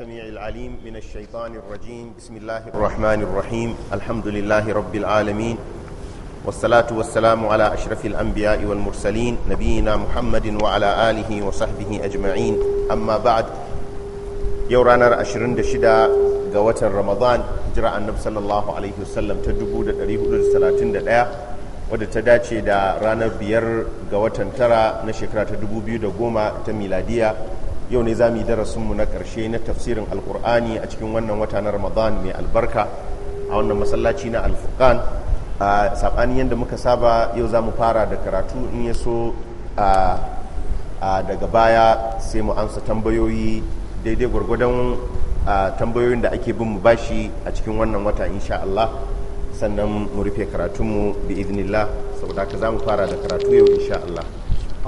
السميع العليم من الشيطان الرجيم بسم الله الرحمن الرحيم الحمد لله رب العالمين والصلاة والسلام على أشرف الأنبياء والمرسلين نبينا محمد وعلى آله وصحبه أجمعين أما بعد يورانا أشرين دشدا قوة رمضان جرى النبي صلى الله عليه وسلم تدبو دريه درسلاتين دلائه wadda ta dace da ranar biyar ga watan tara na shekara ta 2010 ta miladiya yau ne za mu yi darasinmu na ƙarshe na tafsirin alkur'ani a cikin wannan wata na ramadan mai albarka a wannan masallaci na alfukan a saɓanin yadda muka saba yau za mu fara da karatu in ya so daga baya sai mu ansa tambayoyi daidai gwargwadon tambayoyin da ake bin mu bashi a cikin wannan wata insha Allah sannan mu rufe karatunmu bi iznillah saboda haka za mu fara da karatu yau insha Allah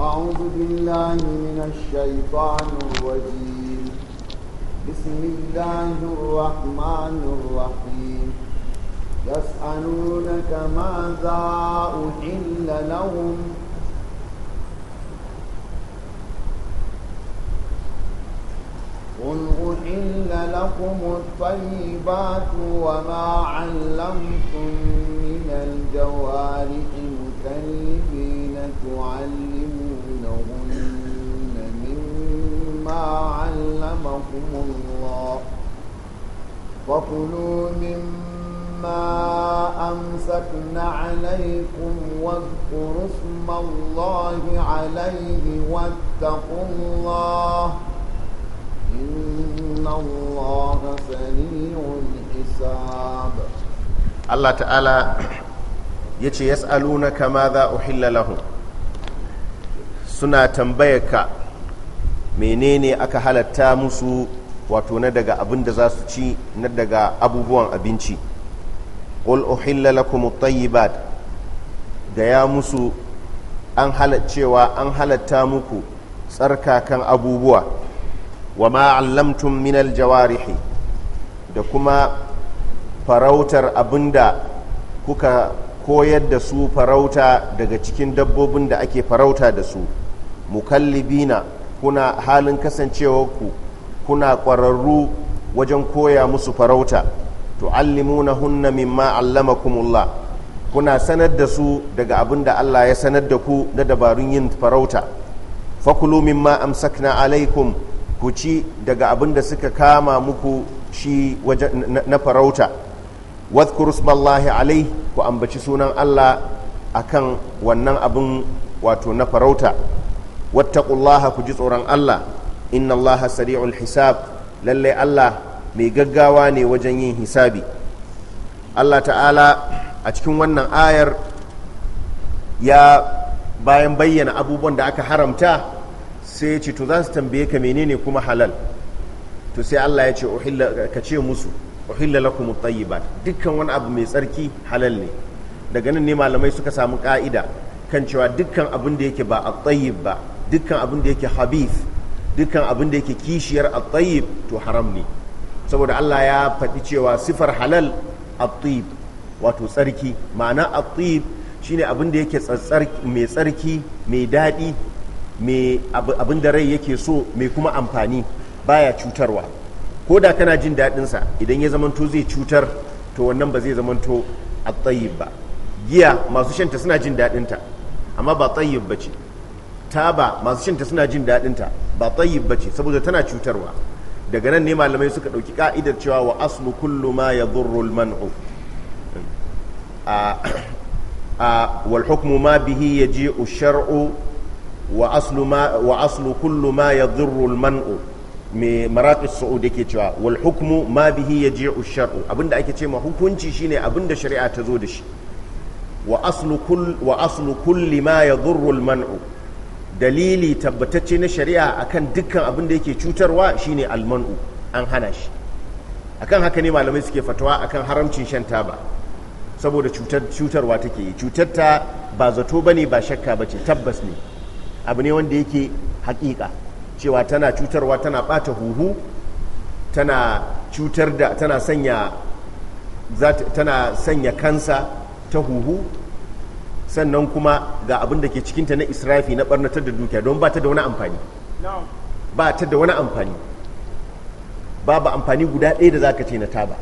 أعوذ بالله من الشيطان الرجيم بسم الله الرحمن الرحيم يسألونك ماذا أحل لهم قل أحل لكم الطيبات وما علمتم من الجوارح مكلفين تعلمون مما علمكم الله وكلوا مما أمسكن عليكم واذكروا اسم الله عليه واتقوا الله إن الله سريع الحساب الله تعالى يتي يسألونك ماذا أحل لهم suna tambayarka menene aka halatta musu wato na daga abin da za su ci na daga abubuwan abinci qul uhilla lakum at da ya musu an halaccewa an halatta muku tsarkakan abubuwa wa ma 'allamtum min jawarihi da kuma farautar abinda kuka koyar da su farauta daga cikin dabbobin da ake farauta da su mukallibina kuna halin ku kuna ƙwararru wajen koya musu farauta tu'allimuna hunna mimma allamakumullah kuna sanar da su daga abin da Allah ya sanar da ku na dabarun yin farauta fakulu mimma amsakna alaikum ku ci daga abin da suka kama muku shi na farauta wadhkuru smallahi alai ku ambaci sunan Allah akan wannan abin wato na farauta wattaqullaha ku ji tsoron Allah inna Allah sari'ul hisab lalle Allah mai gaggawa ne wajen yin hisabi Allah ta'ala a cikin wannan ayar ya bayan bayyana abubuwan da aka haramta sai ya ce to za su tambaye ka menene kuma halal to sai Allah ya ce ka ce musu uhilla lakum at-tayyibat dukkan wani abu mai tsarki halal ne daga nan ne malamai suka samu ka'ida kan cewa dukkan abin da yake ba a tayyib ba dukkan abin da yake habif dukkan abin da yake kishiyar at-tayyib to haram ne saboda Allah ya faɗi cewa sifar halal at-tayyib wato tsarki ma'ana at-tayyib shine abin da yake mai tsarki mai daɗi mai abin da rai yake so mai kuma amfani baya cutarwa ko da kana jin daɗinsa idan ya zamanto zai cutar to wannan ba zai zamanto at-tayyib ba giya masu shanta suna jin daɗinta amma ba tayyib ba ce taba masu shinta suna jin daɗin ta ba tsayi ba ce saboda tana cutarwa daga nan ne malamai suka ɗauki ka'idar cewa wa aslu kullu ma ya zurrul man'u wal hukmu ma bihi ya ji shar'u wa aslu kullu ma ya zurrul man'u mai maraƙis sa'ud yake cewa wal hukmu ma bihi ya ji shar'u abinda ake ce ma hukunci shine abinda shari'a ta zo da shi wa aslu kulli ma ya zurrul man'u dalili tabbatacce na shari'a akan dukkan abin da yake cutarwa shine almanu an hana shi akan haka ne malamai suke fatawa akan haramcin shan taba saboda cutarwa take yi cutar ta ba zato bane ba shakka bace tabbas ne abu ne wanda yake hakika cewa tana cutarwa tana bata huhu tana cutar da tana sanya kansa ta huhu sannan kuma ga abin da ke cikinta na israfi na barnatar da dukiya don ba ta da wani amfani ba ta da wani amfani babu amfani guda ɗaya da zaka ce na taba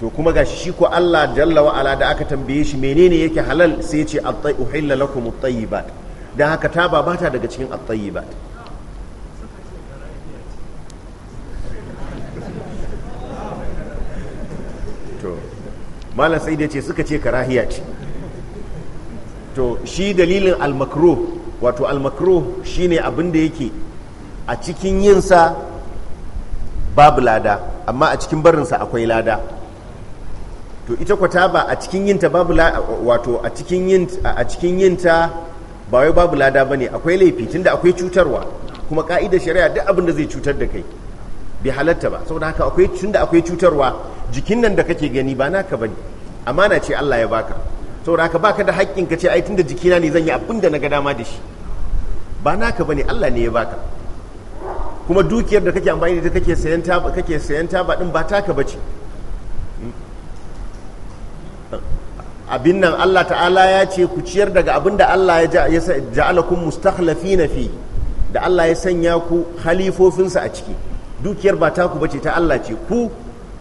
to kuma ga shi ko Allah jalla wa ala da aka tambaye shi menene yake halal sai ya ce uhilla lakum at-tayyibat dan haka taba ba ta daga cikin at-tayyibat to malam sai da ce suka ce karahiya ce to shi dalilin almakro wato almakro shine abin da yake a cikin yinsa babu lada amma a cikin barinsa akwai lada to ita kwata ba a cikin yinta babu wato a cikin yinta a cikin yinta ba wai babu lada bane akwai laifi tunda akwai cutarwa kuma ka'idar shari'a duk abin da zai cutar da kai bai halatta ba saboda haka akwai tunda akwai cutarwa jikin nan da kake gani ba naka bane amana ce Allah ya baka saboda haka baka da haƙƙin ka ce ai tunda jikina ne zan yi abin da na ga dama da shi ba naka bane Allah ne ya baka kuma dukiyar da kake amfani da kake sayan ta kake sayan ba din ba taka bace abin nan Allah ta'ala ya ce ku ciyar daga abin da Allah ya ja'alakum mustakhlafina fi da Allah ya sanya ku halifofinsa a ciki dukiyar ba taku bace ta Allah ce ku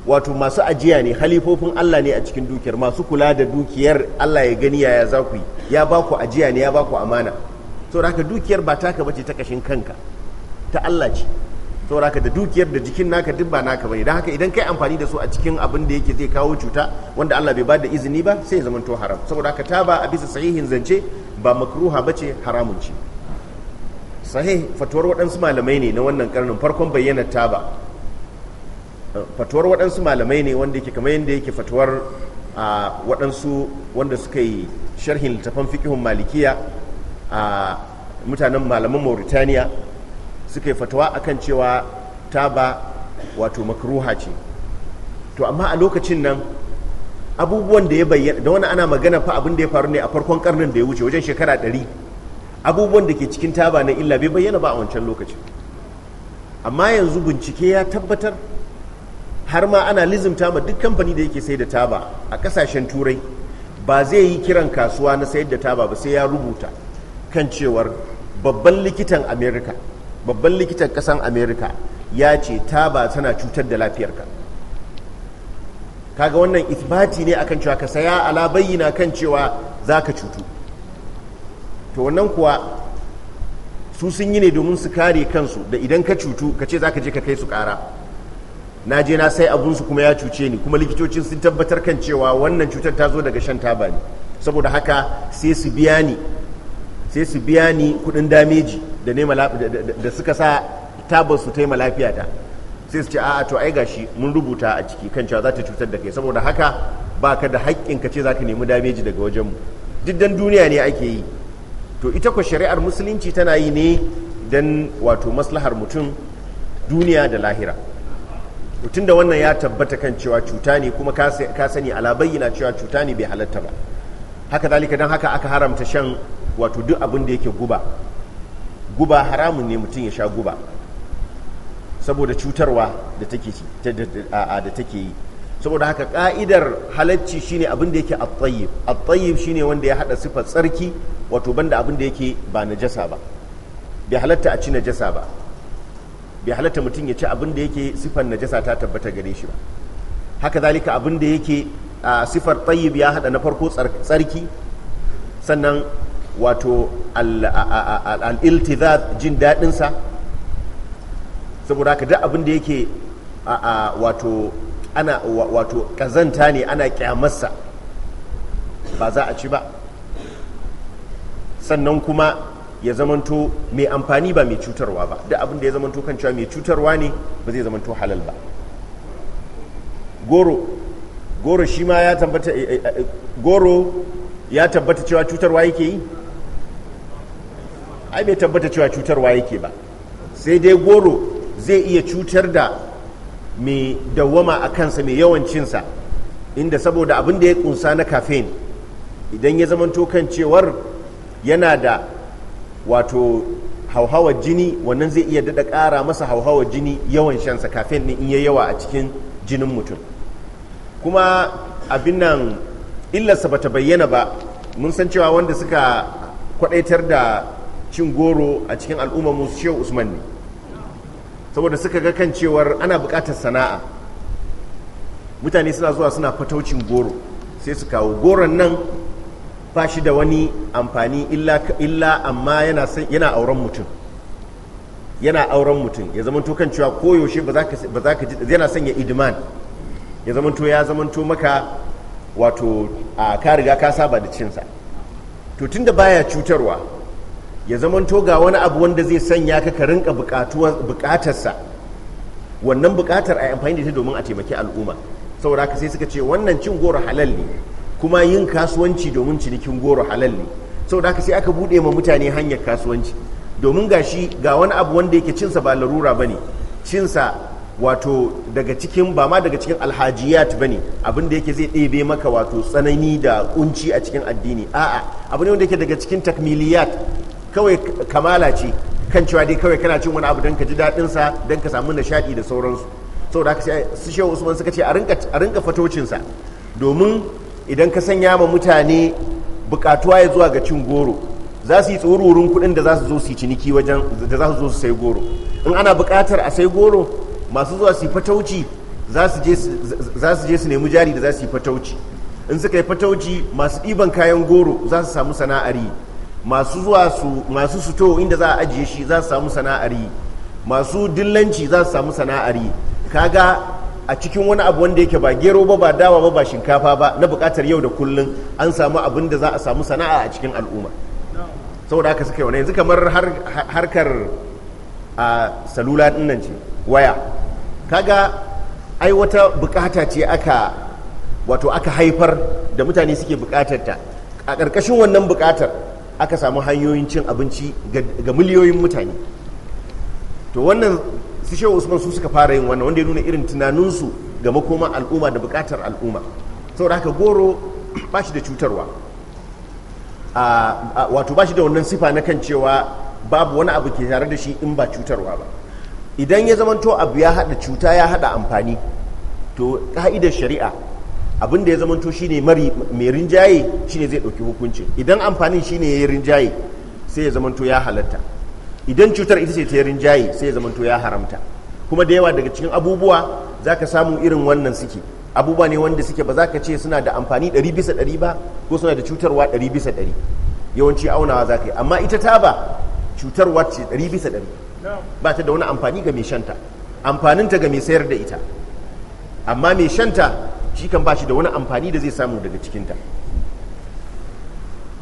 wato masu ajiya ne halifofin Allah ne a cikin dukiyar masu kula da dukiyar Allah ya gani yaya za ku yi ya ba ku ajiya ne ya ba ku amana saboda haka dukiyar ba taka bace ta kashin kanka ta Allah ce saboda haka da dukiyar da jikin naka duk ba naka bane dan haka idan kai amfani da su a cikin abin da yake zai kawo cuta wanda Allah bai bada izini ba sai ya zamanto haram saboda haka ta ba a bisa sahihin zance ba makruha bace haramun ce sahih fatuwar waɗansu malamai ne na wannan karnin farkon bayyana ta ba. fatuwar waɗansu malamai ne wanda yake kamar yadda yake fatuwar waɗansu wanda suka yi sharhin littafan fikihun malikiya a mutanen malaman mauritaniya suka yi a akan cewa taba wato makruha ce to amma a lokacin nan abubuwan da ya bayyana da wani ana magana fa abin da ya faru ne a farkon karnin da ya wuce wajen shekara ɗari abubuwan da ke cikin taba na illa bai bayyana ba a wancan lokacin amma yanzu bincike ya tabbatar har ma ana lizimta ma duk kamfani da yake sai da taba a kasashen turai ba zai yi kiran kasuwa na sayar da taba ba sai ya rubuta kan cewar babban likitan america babban likitan kasan america ya ce taba tana cutar da lafiyarka kaga wannan ithbati ne akan cewa ka saya ala bayyana kan cewa za ka cutu to wannan kuwa su sun yi ne domin su kare kansu da idan ka cutu ka ce za ka je ka kai su kara na je na sai abunsu kuma ya cuce ni kuma likitocin sun tabbatar kan cewa wannan cutar ta zo daga shan taba ne saboda haka sai su biya ni sai su biya ni kudin dameji da ne da suka sa tabar su taima ta sai su ce a'a to ai gashi mun rubuta a ciki kan cewa za ta cutar da kai saboda haka ba ka da haƙƙin ka ce za ka nemi dameji daga wajen mu duk dan duniya ne ake yi to ita ko shari'ar musulunci tana yi ne dan wato maslahar mutum duniya da lahira tun da wannan ya tabbata kan cewa cuta ne kuma ka sani ala bayyana cewa cuta ne bai halatta ba haka zalika don haka aka haramta shan wato duk abin da yake guba guba haramun ne mutum ya sha guba saboda cutarwa da take yi saboda haka ka'idar halacci shine abin da yake at-tayyib at-tayyib shine wanda ya hada sifar tsarki wato banda abin da yake ba najasa ba bai halatta a ci najasa ba bai halatta mutum ya ci abin da yake sifar najasa ta tabbata gare shi ba haka zalika abin da yake a sifar tayyib ya hada na farko tsarki sannan wato al-iltizaz jin daɗinsa saboda haka duk abin da yake wato ana wato kazanta ne ana ƙyamarsa ba za a ci ba sannan kuma ya zamanto mai amfani ba mai cutarwa ba Da abin da ya zamanto kan cewa mai cutarwa ne ba zai zamanto halal ba goro goro shi ma ya tabbata eh, eh, eh, goro ya tabbata cewa cutarwa yake yi ai bai tabbata cewa cutarwa yake ba sai dai goro zai iya cutar da mai dawwama a kansa mai yawancinsa. inda saboda abin da ya kunsa na caffeine idan ya zamanto kan cewar yana da wato hauhawar jini wannan zai iya dada ƙara masa hauhawar jini yawan shansa kafin in iya yawa a cikin jinin mutum kuma abin nan illarsa bata bayyana ba mun san cewa wanda suka kwadaitar da cin goro a cikin al'ummar musu shehu usman ne saboda suka ga kan cewar ana buƙatar sana'a mutane suna zuwa suna fataucin goro sai su kawo goron nan ba shi da wani amfani illa amma yana auren mutum yana auren mutum ya zamanto kan cewa koyaushe ba za ka ji yana sanya idiman ya zamanto ya zamanto maka wato a ka riga ka saba da cinsa to tunda baya cutarwa ya zamanto ga wani abu wanda zai sanya ka ka rinka bukatarsa wannan bukatar a amfani da ta domin a taimaki al'umma saboda ka sai suka ce wannan cin goro halal ne kuma yin kasuwanci domin cinikin goro halal ne da aka sai aka buɗe ma mutane hanyar kasuwanci domin ga shi ga wani abu wanda yake cinsa ba larura ba ne cinsa wato daga cikin ba ma daga cikin alhajiyat ba ne abin da yake zai ɗebe maka wato tsanani da kunci a cikin addini a'a abu ne wanda yake daga cikin takmiliyat kawai kamala ce kan cewa dai kawai kana cin wani abu don ka ji daɗinsa don ka samu nishaɗi da sauransu saboda haka sai su shehu usman suka ce a rinka fatocinsa domin idan ka sanya ma mutane bukatuwa ya zuwa ga cin goro za su yi tsururin kuɗin da za su zo su yi ciniki wajen da za su zo su sai goro in ana bukatar a sai goro masu zuwa su yi fatauci za su je su nemi jari da za su yi fatauci in suka yi fatauci masu ɗiban kayan goro za su samu sana'ari masu zuwa su masu suto inda za a ajiye shi za su samu sana'ari masu dillanci za su samu sana'ari kaga a cikin wani abu wanda yake ba gero ba ba dawa ba ba shinkafa ba na bukatar yau da kullum an samu abin da za a samu sana'a a cikin al'umma saboda haka suka yi wani yanzu kamar harkar a salula dinnan ce waya kaga ai wata bukata ce aka wato aka haifar da mutane suke bukatar ta a ƙarƙashin wannan bukatar aka samu hanyoyin cin abinci ga miliyoyin mutane to wannan su shehu usman su suka fara yin wannan wanda ya nuna irin tunaninsu ga makoman al'umma da bukatar al'umma saboda haka goro ba shi da cutarwa wato ba shi da wannan sifa na kan cewa babu wani abu ke tare da shi in ba cutarwa ba idan ya to abu ya hada cuta ya hada amfani to ka'idar shari'a abin da ya zamanto shine ne mai rinjaye shine zai ɗauki hukunci. idan amfanin shine ya yi rinjaye sai ya zamanto ya halatta idan cutar ita ce ta rinjaye sai ya zamanto ya haramta kuma da yawa daga cikin abubuwa za ka samu irin wannan suke abubuwa ne wanda suke ba za ka ce suna da amfani 100 bisa 100 ba ko suna da cutarwa 100 bisa 100 yawanci aunawa za ka yi amma ita ta ba cutarwa ce 100 bisa 100 ba ta da wani amfani ga mai shanta amfaninta ga mai sayar da ita amma mai shanta shi kan ba shi da wani amfani da zai samu daga cikinta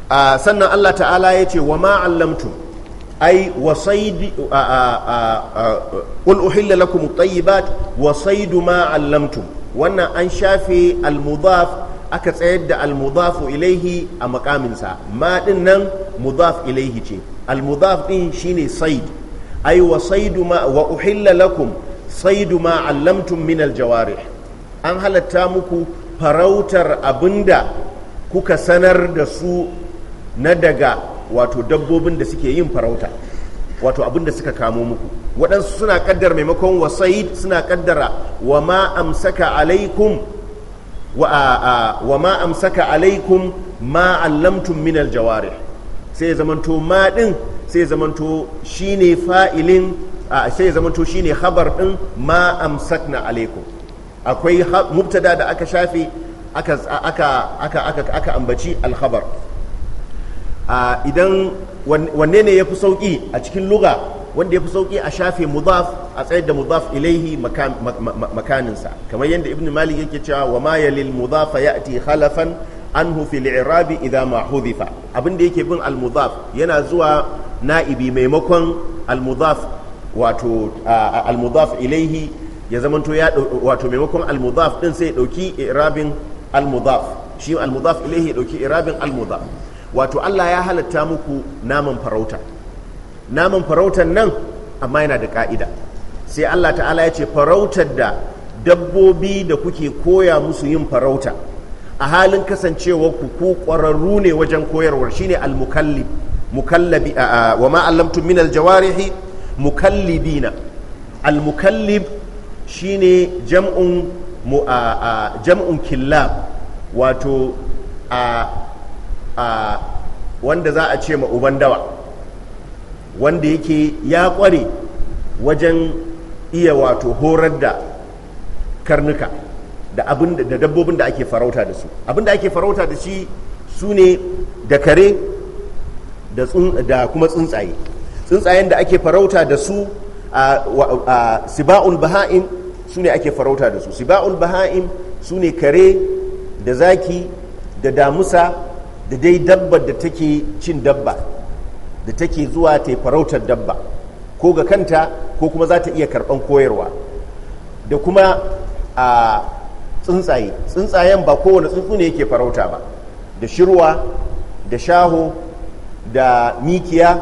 ah, sannan allah ta'ala ya ce wa ma'allamtum ai wasaidi qul uhilla lakum at-tayyibat wasaidu ma 'allamtum wannan an shafe al aka tsayar da al ilaihi a makaminsa ma din nan mudaf ilaihi ce al ɗin din shine said ai wasaidu wa uhilla lakum saidu ma 'allamtum min al an halatta muku farautar abinda kuka sanar da su na daga wato dabbobin da suke yin farauta wato abin da suka kamo muku waɗansu suna ƙaddar maimakon wa sa'id suna ƙaddara wa ma amsaka alaikum wa ma amsaka alaikum ma allamtum min aljawarih sai zamanto ma din sai zamanto shine fa'ilin sai zamanto shine khabar din ma amsakna alaikum akwai mubtada da aka shafe aka aka aka aka ambaci alkhabar idan wanne ne ya fi sauƙi a cikin luga wanda ya fi sauƙi a shafe mudaf a tsayar da mudaf ilaihi makaninsa kamar yadda ibn malik yake cewa wa ma yalil mudaf ya'ti khalafan anhu fil i'rabi idza ma hudifa abin da yake bin al mudaf yana zuwa na'ibi maimakon al mudaf wato al mudaf ilaihi ya zamanto ya wato maimakon al mudaf din sai ya dauki i'rabin al mudaf shi al mudaf ilaihi ya dauki i'rabin al mudaf wato Allah ya halatta muku naman farauta naman farautan nan amma yana da ka'ida sai Allah ta'ala ya ce farautar da dabbobi da kuke koya musu yin farauta a halin kasancewar ku ku ƙwararru ne wajen koyarwar shine al-mukallib mukallabi wa ma allamtum min al-jawarihi mukallibina al-mukallib shine jam'un jam'un killab wato a a wanda za a ce ma uban dawa wanda yake ya kware wajen iya wato horar da karnuka da dabbobin da ake farauta da su abin da ake farauta da shi su ne da kare da kuma tsuntsaye tsuntsayen da ake farauta da su a Siba'un Baha'in su ne ake farauta da su siba'ul Baha'in su ne kare da zaki da damusa da dai dabbar da take cin dabba da take zuwa ta farautar dabba ko ga kanta ko kuma za ta iya karɓan koyarwa da kuma a tsuntsaye tsuntsayen ba kowane tsuntsu ne yake farauta ba da shirwa da shaho da mikiya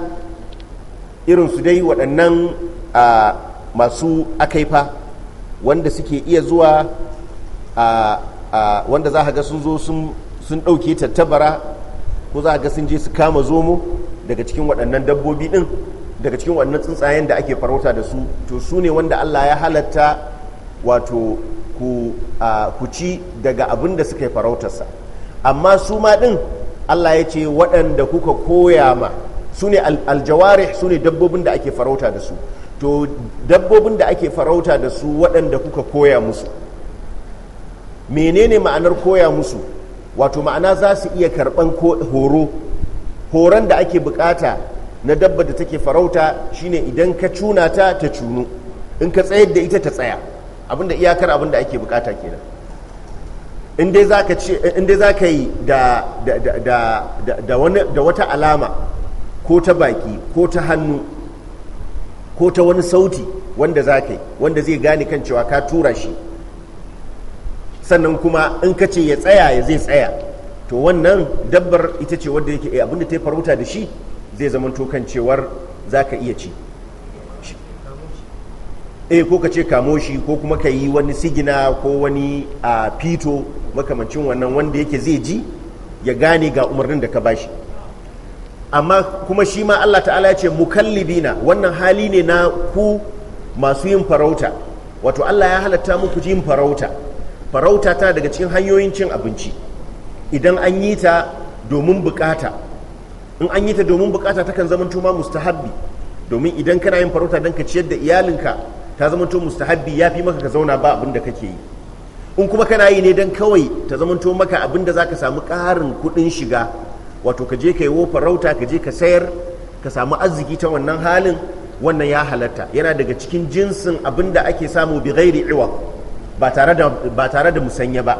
irinsu dai waɗannan a masu akaifa wanda suke iya zuwa a wanda za ga sun zo sun ɗauke tattabara ko za ga sun je su kama zomo daga cikin waɗannan dabbobi ɗin daga cikin waɗannan tsuntsayen da ake farauta da su to su ne wanda Allah ya halatta wato ku ci daga abin da suka yi farautarsa amma su ma ɗin Allah ya ce waɗanda kuka koya ma su ne aljawari su ne dabbobin da ake farauta da su to dabbobin da ake farauta da su waɗanda kuka koya musu menene ma'anar koya musu wato ma'ana za su iya karɓan horo horon da ake bukata na dabba da take farauta shine idan ka cuna ta ta cunu in ka tsayar da ita ta tsaya abinda iyakar abinda ake bukata kenan in dai za ka yi da, wata alama ko ta baki ko ta hannu ko ta wani sauti wanda za ka yi wanda zai gane kan cewa ka tura shi sannan kuma in ka ce ya tsaya ya zai tsaya to wannan dabbar ita ce wadda yake eh, abinda ta farauta da shi zai zama tokan cewar za ka iya ci E, ko ka ce kamo shi ko kuma ka yi wani sigina ko wani a fito makamancin wannan wanda yake zai ji ya gane ga umarnin da ka bashi amma kuma shi ma Allah ta'ala ya ce mukallibina wannan hali ne na ku masu yin farauta wato Allah ya halatta muku yin farauta farauta ta daga cikin hanyoyin cin abinci idan an yi ta domin bukata in an yi ta domin bukata takan zama ma mustahabbi domin idan kana yin farauta don ka ciyar da iyalinka ta zama mustahabbi ya fi maka ka zauna ba abin da kake yi in kuma kana yi ne don kawai ta zamanto maka abin da za ka samu karin kudin shiga wato ka je ka yi farauta ka je ka sayar ka samu arziki ta wannan halin wannan ya halatta yana daga cikin jinsin abin da ake samu bi ghairi iwa ba tare da musanya ba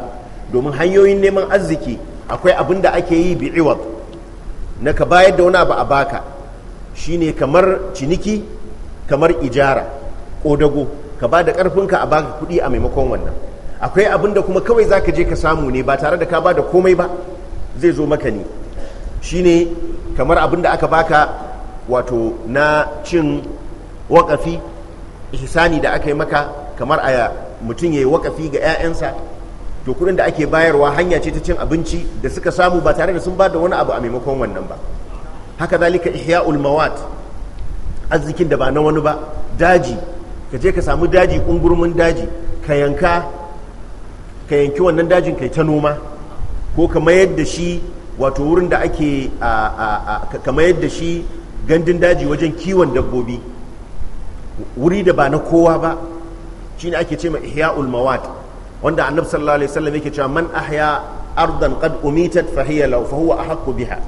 domin hanyoyin neman arziki akwai abin da ake yi bi na ka bayar da wani abu a baka shine kamar ciniki kamar ijara kodago ka ba da karfinka a baka kuɗi a maimakon wannan akwai abin da kuma kawai zaka je ka samu ne ba tare da ka ba da komai ba zai zo maka ne shine kamar abin da aka baka wato na cin wakafi ihsani da aka yi maka kamar a mutum ya yi wakafi ga 'ya'yansa to kuɗin da ake bayarwa hanya ce ta cin abinci da suka samu ba tare da sun ba da wani abu a maimakon wannan ba haka zalika ihya ulmawat arzikin da ba na wani ba daji ka je ka samu daji ƙungurmin daji ka yanka ka yanki wannan dajin kai ta noma ko ka mayar wato wurin da ake ka mayar da shi gandun daji wajen kiwon dabbobi wuri da ba na kowa ba shine ake ce ma ihya'ul mawat wanda annabi sallallahu alaihi wasallam yake cewa man ahya ardan qad umitat fa hiya law fa huwa biha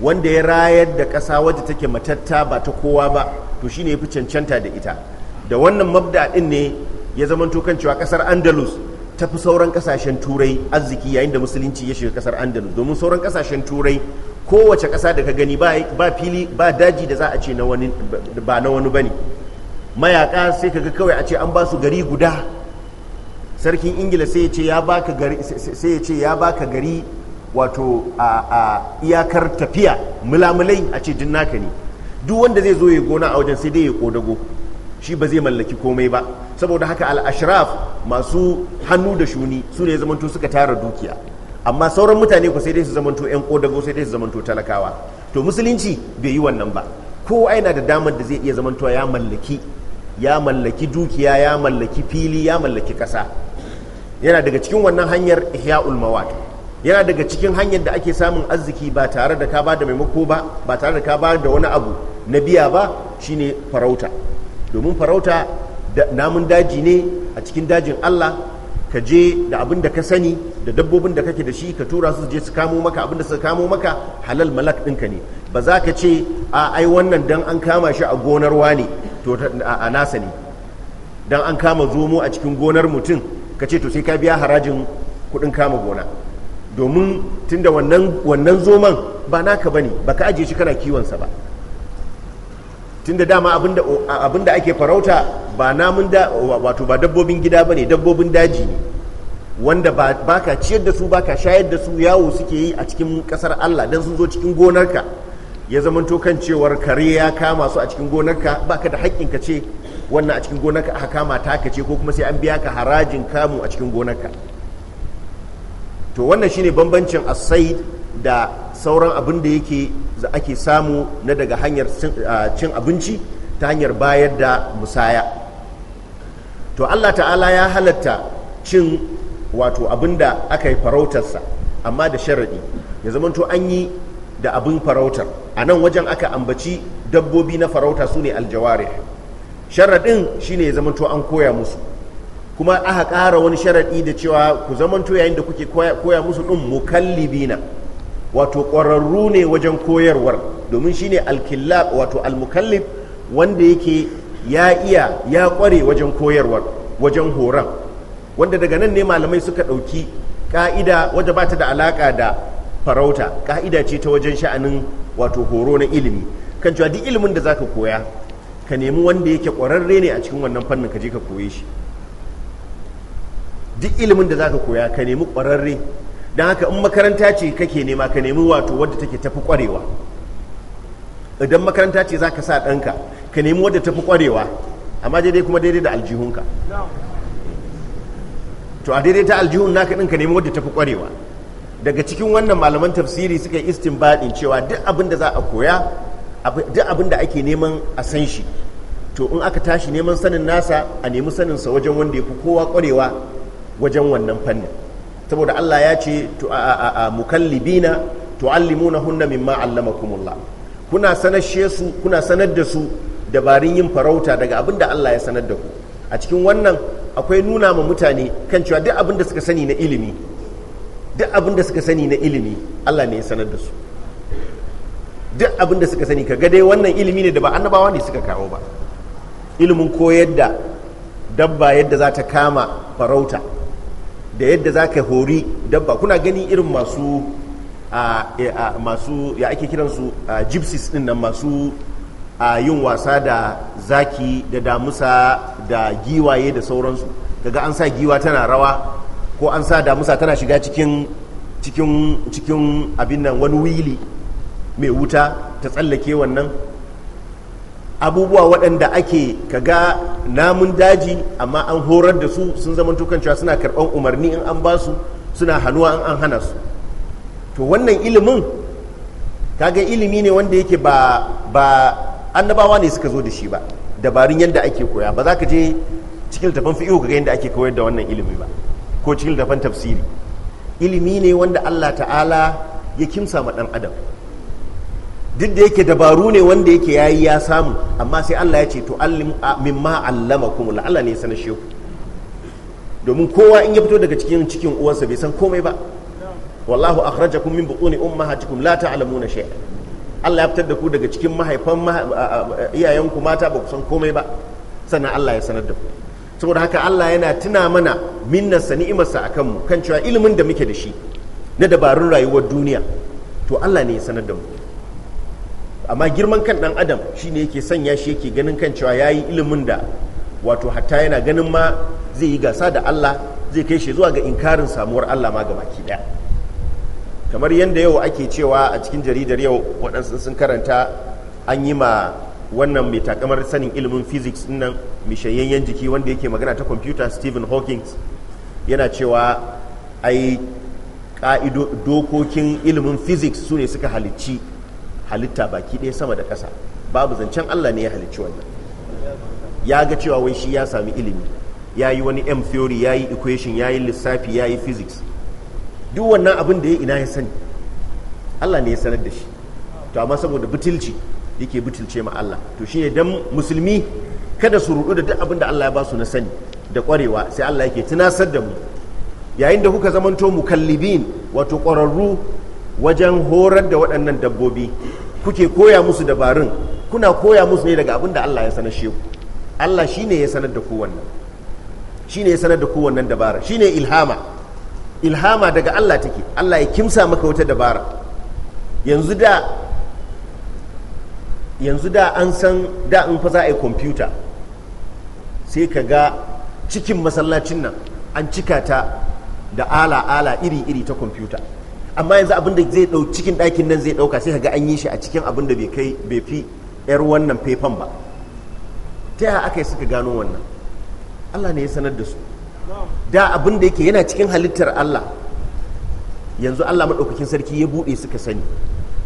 wanda ya rayar da ƙasa wadda take matatta ba ta kowa ba to shine yafi cancanta da ita da wannan mabda din ne ya zamanto kan cewa ƙasar Andalus ta fi sauran kasashen turai arziki yayin da musulunci ya shiga ƙasar Andalus domin sauran kasashen turai kowace ƙasa da ka gani ba fili ba daji da za a ce ba na wani bane mayaka sai kaga kawai a ce an ba su gari guda sarkin ingila sai ya ce ya baka gari wato a iyakar tafiya mulamulai a ce din naka ne duk wanda zai zo ya gona a wajen sai dai ya kodago shi ba zai mallaki komai ba saboda haka al-ashraf masu hannu da shuni su ne zamanto suka tara dukiya amma sauran mutane ku sai dai su zamanto yan kodago sai dai su zamanto talakawa to musulunci bai yi wannan ba kowa yana da damar da zai iya zamantowa ya mallaki ya mallaki dukiya ya mallaki fili ya mallaki ƙasa yana daga cikin wannan hanyar ihya'ul mawat yana daga cikin hanyar da ake samun arziki ba tare da ka ba da maimako ba ba tare da ka ba da wani abu na biya ba shine farauta domin farauta namun daji ne a cikin dajin Allah ka je da abin da ka sani da dabbobin da kake da shi ka tura su je su kamo maka abin da suka kamo maka halal malak ɗinka ne ba za ka ce a ai wannan dan an kama shi a gonar ne to a nasa ne don an kama zomo a cikin gonar mutum ka ce to sai ka biya harajin kudin kama gona domin tunda wannan wannan zoman ba naka bane ka ajiye shi kana kiwonsa ba tunda dama abinda da ake farauta ba namun da wato ba dabbobin gida ne dabbobin daji ne wanda ba ka ciyar da su ba ka shayar da su yawo suke yi a cikin kasar Allah don sun zo cikin gonarka ya zamanto kan cewar kare ya kama su a cikin gonarka baka da haƙƙin ka ce wannan a cikin gonarka aka kama ta ka ce ko kuma sai an biya ka harajin kamu a cikin gonarka to wannan shine bambancin asai da sauran abin da yake ake samu na daga hanyar cin abinci ta hanyar bayar da musaya to allah ta'ala ya halatta cin wato abin da aka yi farautarsa amma da sharaɗi ya zamanto an yi da abin farautar a nan wajen aka ambaci dabbobi na farauta su ne aljawari sharaɗin shine ya zamanto an koya musu kuma aka ƙara wani sharaɗi da cewa ku zamanto yayin da kuke koya musu ɗin mukallibina wato ƙwararru ne wajen koyarwar domin shine alkilla wato almukallif wanda yake ya iya ya ƙware wajen koyarwar wajen horon wanda daga nan ne malamai suka ɗauki ƙa'ida wadda ba ta da alaƙa da farauta ka'ida ce ta wajen sha'anin wato horo na ilimi kan cewa duk ilimin da zaka koya ka nemi wanda yake ƙwararre ne a cikin wannan fannin ka je ka koye shi duk ilimin da zaka koya ka nemi ƙwararre don haka in makaranta ce kake nema ka nemi wato wadda take tafi ƙwarewa idan makaranta ce zaka sa ɗanka ka nemi wadda tafi ƙwarewa amma daidai kuma daidai da aljihunka to a daidai ta aljihun naka ɗin ka nemi wadda tafi ƙwarewa daga cikin wannan malaman tafsiri suka yi istinbadin cewa duk abin da za a koya duk abin da ake neman a san shi to in aka tashi neman sanin nasa a nemi saninsa wajen wanda ya fi kowa kwarewa wajen wannan fannin saboda Allah ya ce mukallibina tu'allimuna hunna mimma allamakumullah kuna sanashe su kuna sanar da su dabarun yin farauta daga abin da Allah ya sanar da ku a cikin wannan akwai nuna ma mutane kan cewa duk abin da suka sani na ilimi duk abin da suka sani na ilimi Allah ne ya sanar da su duk abin da suka sani ka ga dai wannan ilimi ne da ba annabawa ne suka kawo ba ilimin koyar da dabba yadda za ta kama farauta da yadda za ka hori dabba kuna gani irin masu ya ake kiransu gypsies din nan masu yin wasa da zaki da damusa da giwaye da sauransu kaga an sa giwa tana rawa ko an sa damusa tana shiga cikin cikin abin nan wani wili mai wuta ta tsallake wannan abubuwa waɗanda ake kaga namun daji amma an horar da su sun zama cewa suna karɓar umarni in an ba su suna hannuwa in an hana su to wannan ilimin kaga ilimi ne wanda yake ba ba annabawa ne suka zo da shi ba dabarun yadda ake koya ba za ka je cikin littafin fi'ihu kaga yadda ake koyar da wannan ilimi ba ko cikin dafan tafsiri ilimi ne wanda Allah ta'ala ya kimsa ma dan adam duk da yake dabaru ne wanda yake yayi ya samu amma sai Allah ya ce to allim mimma kuma Allah ne sanar shehu domin kowa in ya fito daga cikin cikin uwansa bai san komai ba wallahu akhrajakum min butuni ummahatikum la ta'lamuna shay'a Allah ya fitar da ku daga cikin mahaifan iyayenku mata ba ku san komai ba sannan Allah ya sanar da ku saboda haka Allah yana tuna mana minnarsa ni'imarsa a kanmu kan cewa ilimin da muke da shi na dabarun rayuwar duniya to Allah ne ya sanar da mu amma girman kan dan adam shi ne yake sanya shi yake ganin kan cewa ya yi ilimin da wato hatta yana ganin ma zai yi gasa da Allah zai kai shi zuwa ga inkarin samuwar Allah ma ga baki daya kamar yadda yau ake cewa a cikin jaridar yau waɗansu sun karanta an yi ma wannan mai takamar sanin ilimin physics nan mishayayyen jiki wanda yake magana ta computer stephen hawking yana cewa ai ka'ido dokokin ilimin physics su ne suka halicci halitta baki ɗaya sama da ƙasa babu zancen allah ne ya halicci wannan ya ga cewa wai shi ya sami ilimi ya yi wani m theory ya yi equation ya yi lissafi ya yi physics duk wannan abin da ya ina ya sani allah ne ya sanar da shi to amma saboda butulci yake butulce ma Allah to shine dan musulmi kada su rudu da duk abin da Allah ya ba su na sani da ƙwarewa sai Allah yake tunasar da mu yayin da kuka zamanto mukallibin wato ƙwararru wajen horar da waɗannan dabbobi kuke koya musu dabarun kuna koya musu ne daga abin da Allah ya sanar shi Allah shine ya sanar da kowannan ne ya sanar da kowannan dabara shine ilhama ilhama daga Allah take Allah ya kimsa maka wata dabara yanzu da yanzu da an san da in fa za a yi kwamfuta sai ka ga cikin masallacin nan an cika ta da ala-ala iri-iri ta kwamfuta amma yanzu abin zai dau cikin ɗakin nan zai ɗauka sai ka ga an yi shi a cikin abin da bai fi 'yar wannan faifan ba ta yaya aka yi suka gano wannan allah ne ya sanar da su da abinda da yake yana cikin halittar allah yanzu allah maɗaukakin sarki ya buɗe suka sani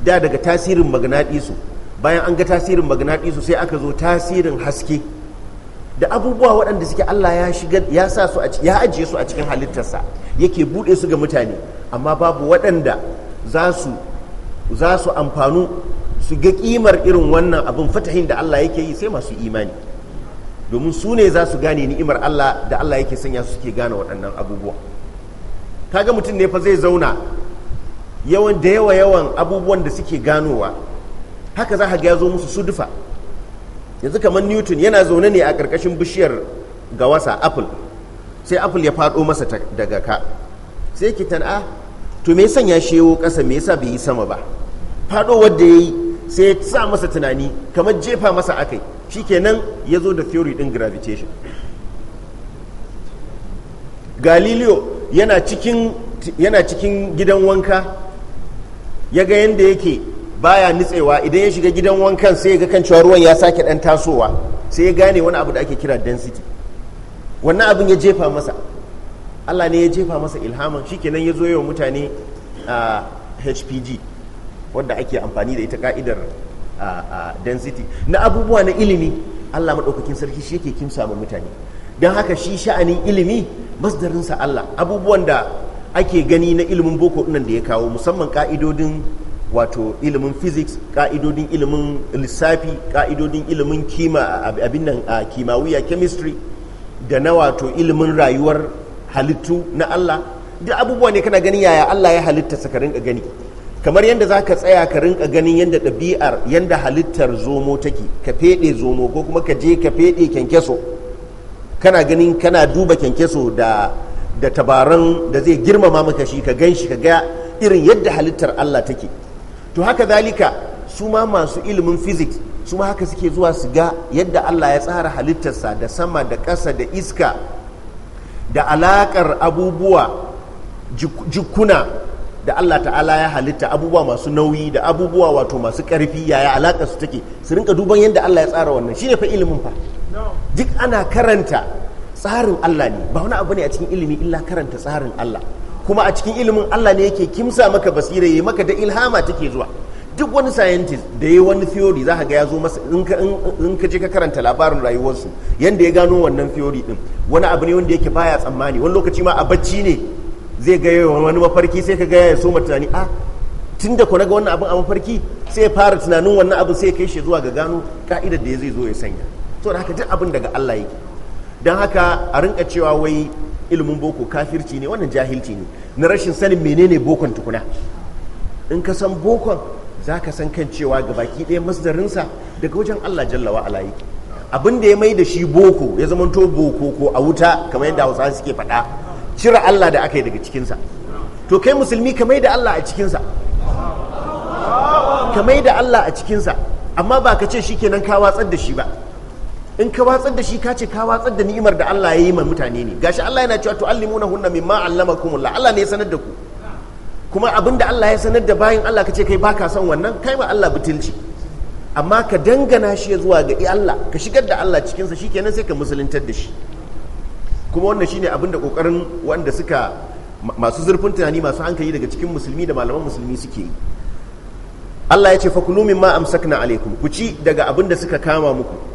da daga tasirin su. bayan an ga tasirin magnatisu sai aka zo tasirin haske da abubuwa waɗanda suke Allah ya shiga ya sa su ya ajiye su a cikin halittarsa yake buɗe su ga mutane amma babu waɗanda za su za su amfanu su ga ƙimar irin wannan abin fatahin da Allah yake yi sai masu imani domin su ne za su gane ni'imar Allah da Allah yake sanya su suke gane waɗannan abubuwa kaga mutum ne fa zai zauna yawan da yawa yawan abubuwan da suke ganowa haka za ga ya zo musu sudufa yanzu kamar newton yana zaune ne a ƙarƙashin bishiyar ga wasa apple sai apple ya faɗo masa daga ka sai ki tan'a ah, to me yasa ya shewo ƙasa me yasa bai yi sama ba faɗo wanda ya yi sai ya sa masa tunani kamar jefa masa akai shikenan ya zo da theory din gravitation galileo yana cikin gidan wanka ya ga yadda yake baya nitsewa idan ya shiga gidan wankan sai ga kan cewa ruwan ya sake dan tasowa sai ya gane wani abu da ake kira density wannan abin ya jefa masa Allah ne ya jefa masa ilhaman shikenan ya zo yau mutane a HPG wadda ake amfani da ita ka'idar density na abubuwa na ilimi Allah maɗaukakin sarki shi yake kimsa ma mutane don haka shi sha'anin ilimi masdarinsa Allah abubuwan da ake gani na ilimin boko ɗinan da ya kawo musamman ka'idodin wato ilimin physics ka'idodin ilimin lissafi ka'idodin ilimin kima abin nan a kimawiya chemistry da na wato ilimin rayuwar halittu na Allah duk abubuwa ne kana ganin yaya Allah ya halitta sa ka rinka gani kamar yadda za ka tsaya ka rinka ganin yadda ɗabi'ar yadda halittar zomo take ka feɗe zomo ko kuma ka je ka feɗe kyankyaso kana ganin kana duba kyankyaso da da tabaran da zai girmama maka shi ka gan shi ka ga irin yadda halittar Allah take to haka zalika su ma masu ilimin fizik su ma haka suke zuwa su ga yadda Allah ya tsara halittarsa da sama da ƙasa da iska da alaƙar abubuwa jikuna da Allah ta'ala ya halitta abubuwa masu nauyi da abubuwa wato masu ƙarfi yaya alaƙar su take su rinka duban yadda Allah ya tsara wannan shine fa ilimin fa duk ana karanta tsarin Allah ne ba wani abu ne a cikin ilimi illa karanta tsarin Allah kuma a cikin ilimin Allah ne yake kimsa maka basira yayi maka da ilhama take zuwa duk wani scientist da ya wani theory za ga ya zo masa in ka je ka karanta labarin rayuwarsu yadda ya gano wannan theory din wani abu ne wanda yake baya tsammani wani lokaci ma a bacci ne zai ga wani mafarki sai ka ga ya so tunani a ah, tun da kuna ga wannan abin a mafarki sai ya fara tunanin wannan abin sai ya kai shi zuwa ga gano ka'idar da ya zo ya sanya to da haka duk abin daga Allah yake don haka a rinka cewa wai ilimin boko kafirci ne wannan jahilci ne na rashin sanin menene bokon tukuna in ka san bokon za ka san kan cewa ga baki ɗaya masdarinsa daga wajen Allah jallawa a ala yake abin da ya mai da shi boko ya zamanto boko ko a wuta kamar yadda hausa suke faɗa cire Allah da aka yi daga cikinsa to kai musulmi ka mai da Allah a cikinsa ka mai da Allah a cikinsa amma ba ka ce shi kenan ka watsar da shi ba in ka watsar da shi ka ce ka watsar da ni'imar da Allah ya yi ma mutane ne gashi Allah yana cewa tu'allimuna hunna mimma allamakumullah Allah ne ya sanar da ku kuma abin da Allah ya sanar da bayin Allah ka ce kai baka son wannan kai ma Allah butulci amma ka dangana shi zuwa ga Allah ka shigar da Allah cikinsa shi kenan sai ka musuluntar da shi kuma wannan shine abin da kokarin wanda suka masu zurfin tunani masu hankali daga cikin musulmi da malaman musulmi suke yi Allah ya ce fakulumin mimma amsakna alaikum ku ci daga abin da suka kama muku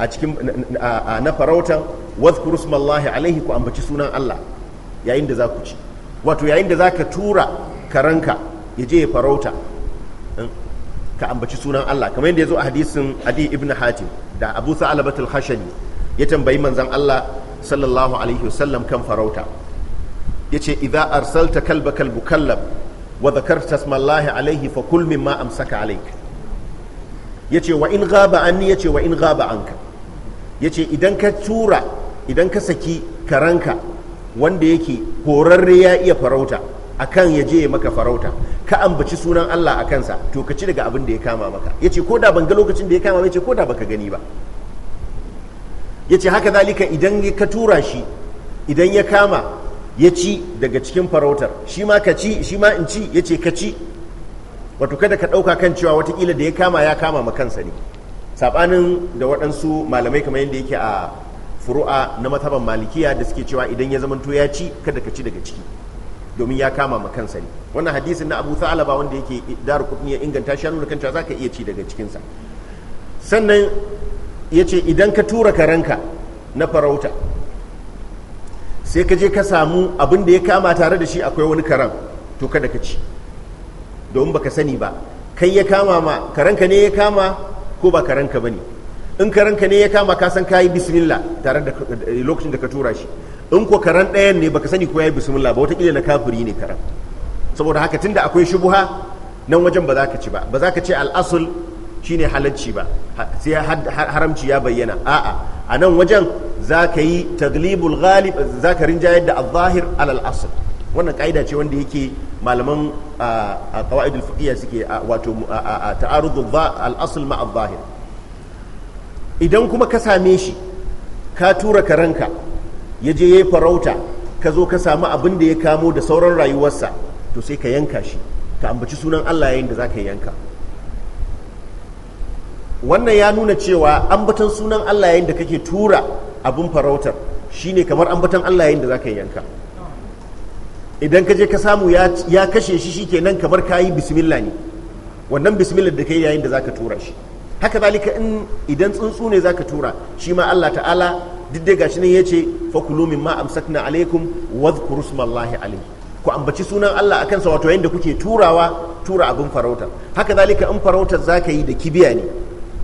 a cikin na farautan wadhkuru smallahi alaihi ku ambaci sunan Allah yayin da za ku ci wato yayin da za ka tura karanka ya je ya farauta hmm, ka ambaci sunan Allah kamar yadda ya zo a hadisin Adi ibn Hatim da Abu Sa'alabat Hashani, ya tambayi manzon Allah sallallahu alaihi wasallam kan farauta ya ce idza arsalta kalbaka al-mukallab wa dhakarta smallahi alaihi fa kul mimma amsaka ya ce wa in ghaba anni ce wa in ghaba anka ya ce idan ka tura idan ka saki karanka wanda yake horarre ya iya farauta a kan ya je maka farauta ka ambaci sunan Allah a kansa to ka ci daga abin da ya kama maka ya ce ko da ban ga lokacin da ya kama mai ce ko da baka gani ba ya ce haka zalika idan ka tura shi idan ya kama ya ci daga cikin farautar shi ma ka ci shi ma in ci ya ce ka ci wato kada ka ɗauka kan cewa watakila da ya kama ya kama ma kansa ne sabanin da waɗansu malamai kamar yadda yake a furu'a na mataban malikiya da suke cewa idan ya zamanto ya ci kada ka ci daga ciki domin ya kama ma kansa ne wannan hadisin na abu tha'alaba wanda yake daru kudin ya inganta shi nuna kanta za ka iya ci daga cikinsa sannan ya ce idan ka tura karenka na farauta sai ka je ka samu abin da ya kama tare da shi akwai wani karan to kada ka ci domin baka sani ba kai ya kama ma karanka ne ya kama ko ba karanka ba ne in karenka ne ya kama ka san kayi bismillah tare da lokacin da ka tura shi in ko karan ɗayan ne baka sani ko yayi bismillah ba wataƙila na kafiri ne karan saboda haka tunda akwai shubuha nan wajen ba za ka ci ba ba za ka ce al'asul shine halacci ba sai haramci ya bayyana a'a a nan wajen za ka yi taglibul ghalib za ka rinjayar da al-zahir al-asl wannan ka'ida ce wanda yake malaman a qawaid al suke wato ta'arud al-asl ma idan kuma ka same shi ka tura karanka ya je yayi farauta ka zo ka sami abin da ya kamo da sauran rayuwarsa to sai ka yanka shi ka ambaci sunan Allah yayin da zaka yanka wannan ya nuna cewa ambatan sunan Allah yayin da kake tura abin farautar shi ne kamar ambatan Allah yayin da zaka yanka idan ka je ka samu ya kashe shi shi kenan kamar ka yi bismillah ne wannan bismillah da ka yi yayin da za ka tura shi haka zalika in idan tsuntsu ne za ka tura shi ma allah ta'ala duk dai gashi nan ya ce fakulu min ma amsakna alaikum zkuru smallahi alaihi ku ambaci sunan allah akan sa wato yayin da kuke turawa tura abin farauta haka zalika in farautar za ka yi da kibiya ne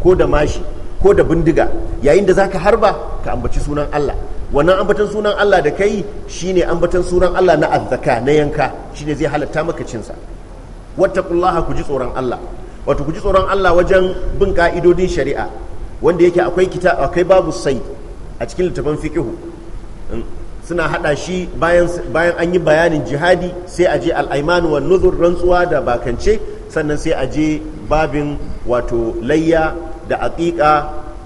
ko da mashi ko da bindiga yayin da za ka harba ka ambaci sunan allah wannan ambatan sunan Allah da kai shine ambatan sunan Allah na azzaka na yanka shine zai halatta maka cinsa wattaqullaha ku ji tsoron Allah wato ku ji tsoron Allah wajen bin ka'idodin shari'a wanda yake akwai kita akwai babu sai a cikin littafin fiqhu mm, suna hada shi bayan bayan an yi bayanin jihadi sai a je al aiman wa nuzur rantsuwa da bakance sannan sai a je babin wato layya da aqiqa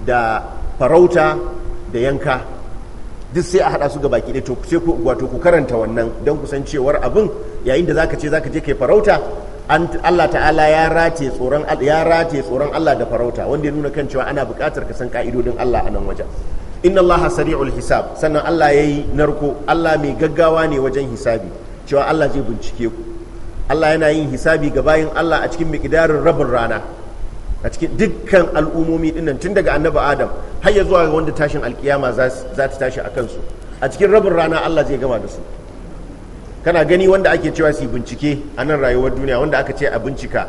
da farauta da yanka duk sai a hada su ga baki ɗaya sai ku wato ku karanta wannan don kusan cewar abin yayin da zaka ce zaka je kai farauta Allah ta'ala ya rataye tsoron Allah da farauta wanda ya nuna kan cewa ana buƙatar ka san ka'idodin Allah a nan wajen inna Allah sari'ul hisab sannan Allah yayi narko Allah mai gaggawa ne wajen hisabi cewa Allah zai bincike ku Allah yana yin hisabi ga bayin Allah a cikin miqdarin rabin rana a cikin dukkan al'umomi dinnan tun daga annabi adam har ya zuwa wanda tashin alkiyama za ta tashi a kansu a cikin rabin rana allah zai gama da su kana gani wanda ake cewa su bincike a nan rayuwar duniya wanda aka ce a bincika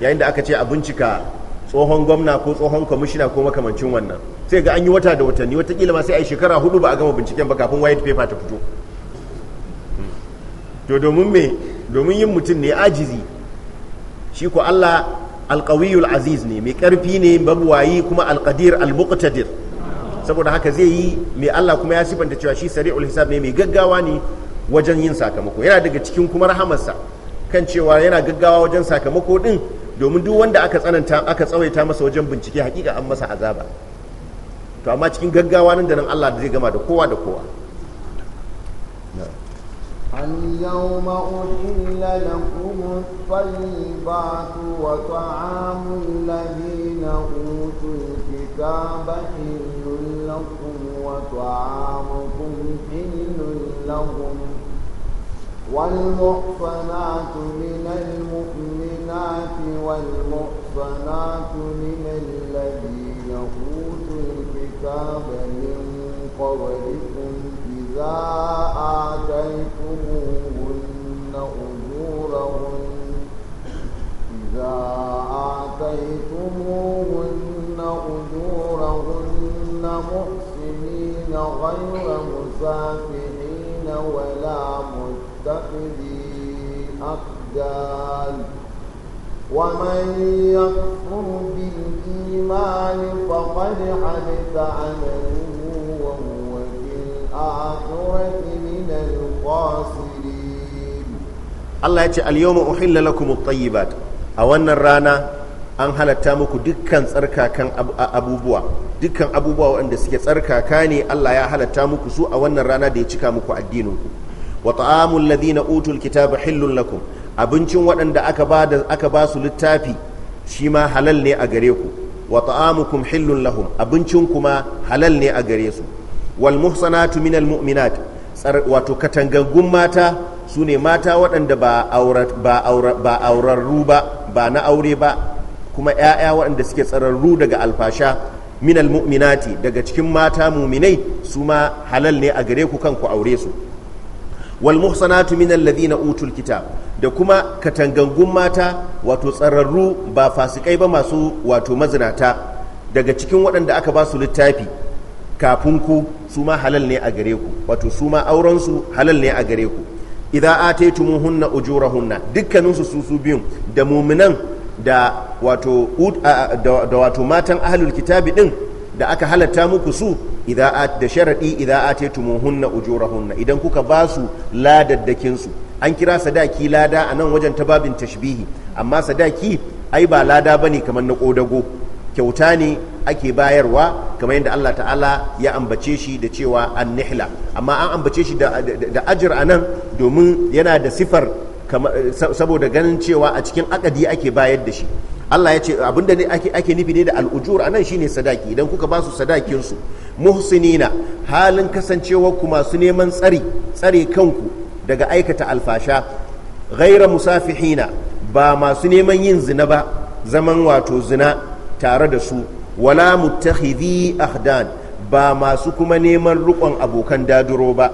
yayin da aka ce a bincika tsohon gwamna ko tsohon kwamishina ko makamancin wannan sai ga an yi wata da watanni watakila ma sai a yi shekara hudu ba a gama binciken ba kafin white paper ta fito to domin yin mutum ne ajizi shi ko allah alƙawiyul aziz ne mai ƙarfi ne babuwayi kuma alƙadir almuqtadir saboda haka zai yi mai Allah kuma ya sifanta cewa shi sari'ul hisab ne mai gaggawa ne wajen yin sakamako yana daga cikin kuma rahamarsa kan cewa yana gaggawa wajen sakamako din domin duk wanda aka tsananta aka tsawaita masa wajen bincike hakika an masa azaba to amma cikin gaggawa nan da nan Allah zai gama da kowa da kowa اليوم أحل لكم الطيبات وطعام الذين أوتوا الكتاب حل لكم وطعامكم حل لهم والمحصنات من المؤمنات والمحصنات من الذين أوتوا الكتاب من قبلكم إذا آتيتم إذا آتيتموهن أجورهن محسنين غير مسافحين ولا متخذي أقدان ومن يكفر بالإيمان فقد حدث عنه وهو في الآخرة من الخاسرين الله يقول اليوم أحل لكم الطيبات a wannan rana an halatta muku dukkan tsarkakan abubuwa dukkan abubuwa waɗanda suke tsarkaka ne Allah ya halatta muku su a wannan rana da ya cika muku addininku wa ta'amul ladina utul kitaba hillun lakum abincin waɗanda aka ba da aka ba su littafi shi ma halal ne a gare ku wa ta'amukum hillun lahum abincin kuma halal ne a gare su wal muhsanatu minal mu'minat wato katangangun mata su ne mata waɗanda ba aurarru ba ba na aure ba kuma 'ya'ya waɗanda suke tsararru daga alfasha minal mu'minati daga cikin mata muminai su ma halal ne a gare ku kanku aure su wal muhsanatu minal alladhina utul kitab da kuma katangangun mata wato tsararru ba fasikai ba masu wato mazinata daga cikin waɗanda aka ba su littafi kafin ku su ma halal ne a gare ku wato su ma auren su halal ne a gare ku idza ataytumuhunna ujurahunna dukkanin su su biyun da muminan da wato matan ahlul kitabi din da aka halatta muku su idan da sharadi idza ataytumuhunna ujurahunna idan kuka ba su ladaddakin su an kira sadaki lada a nan wajen tababin tashbihi amma sadaki ai ba lada bane kamar na kodago kyauta ne ake bayarwa kamar yadda Allah ta'ala ya ambace shi da cewa an nihla amma an ambace shi da ajir a nan domin yana da sifar saboda ganin cewa a cikin akadi ake bayar da shi Allah ya ce abinda ake nufi ne da al'ujur anan shine sadaki idan kuka ba su sadakinsu muhsinina halin kasancewar ku masu neman tsari tsare kanku daga aikata alfasha ghaira musafihina ba masu neman yin zina ba zaman wato zina tare da su wala muttakhidhi ahdan ba masu kuma neman rukon abokan daduro ba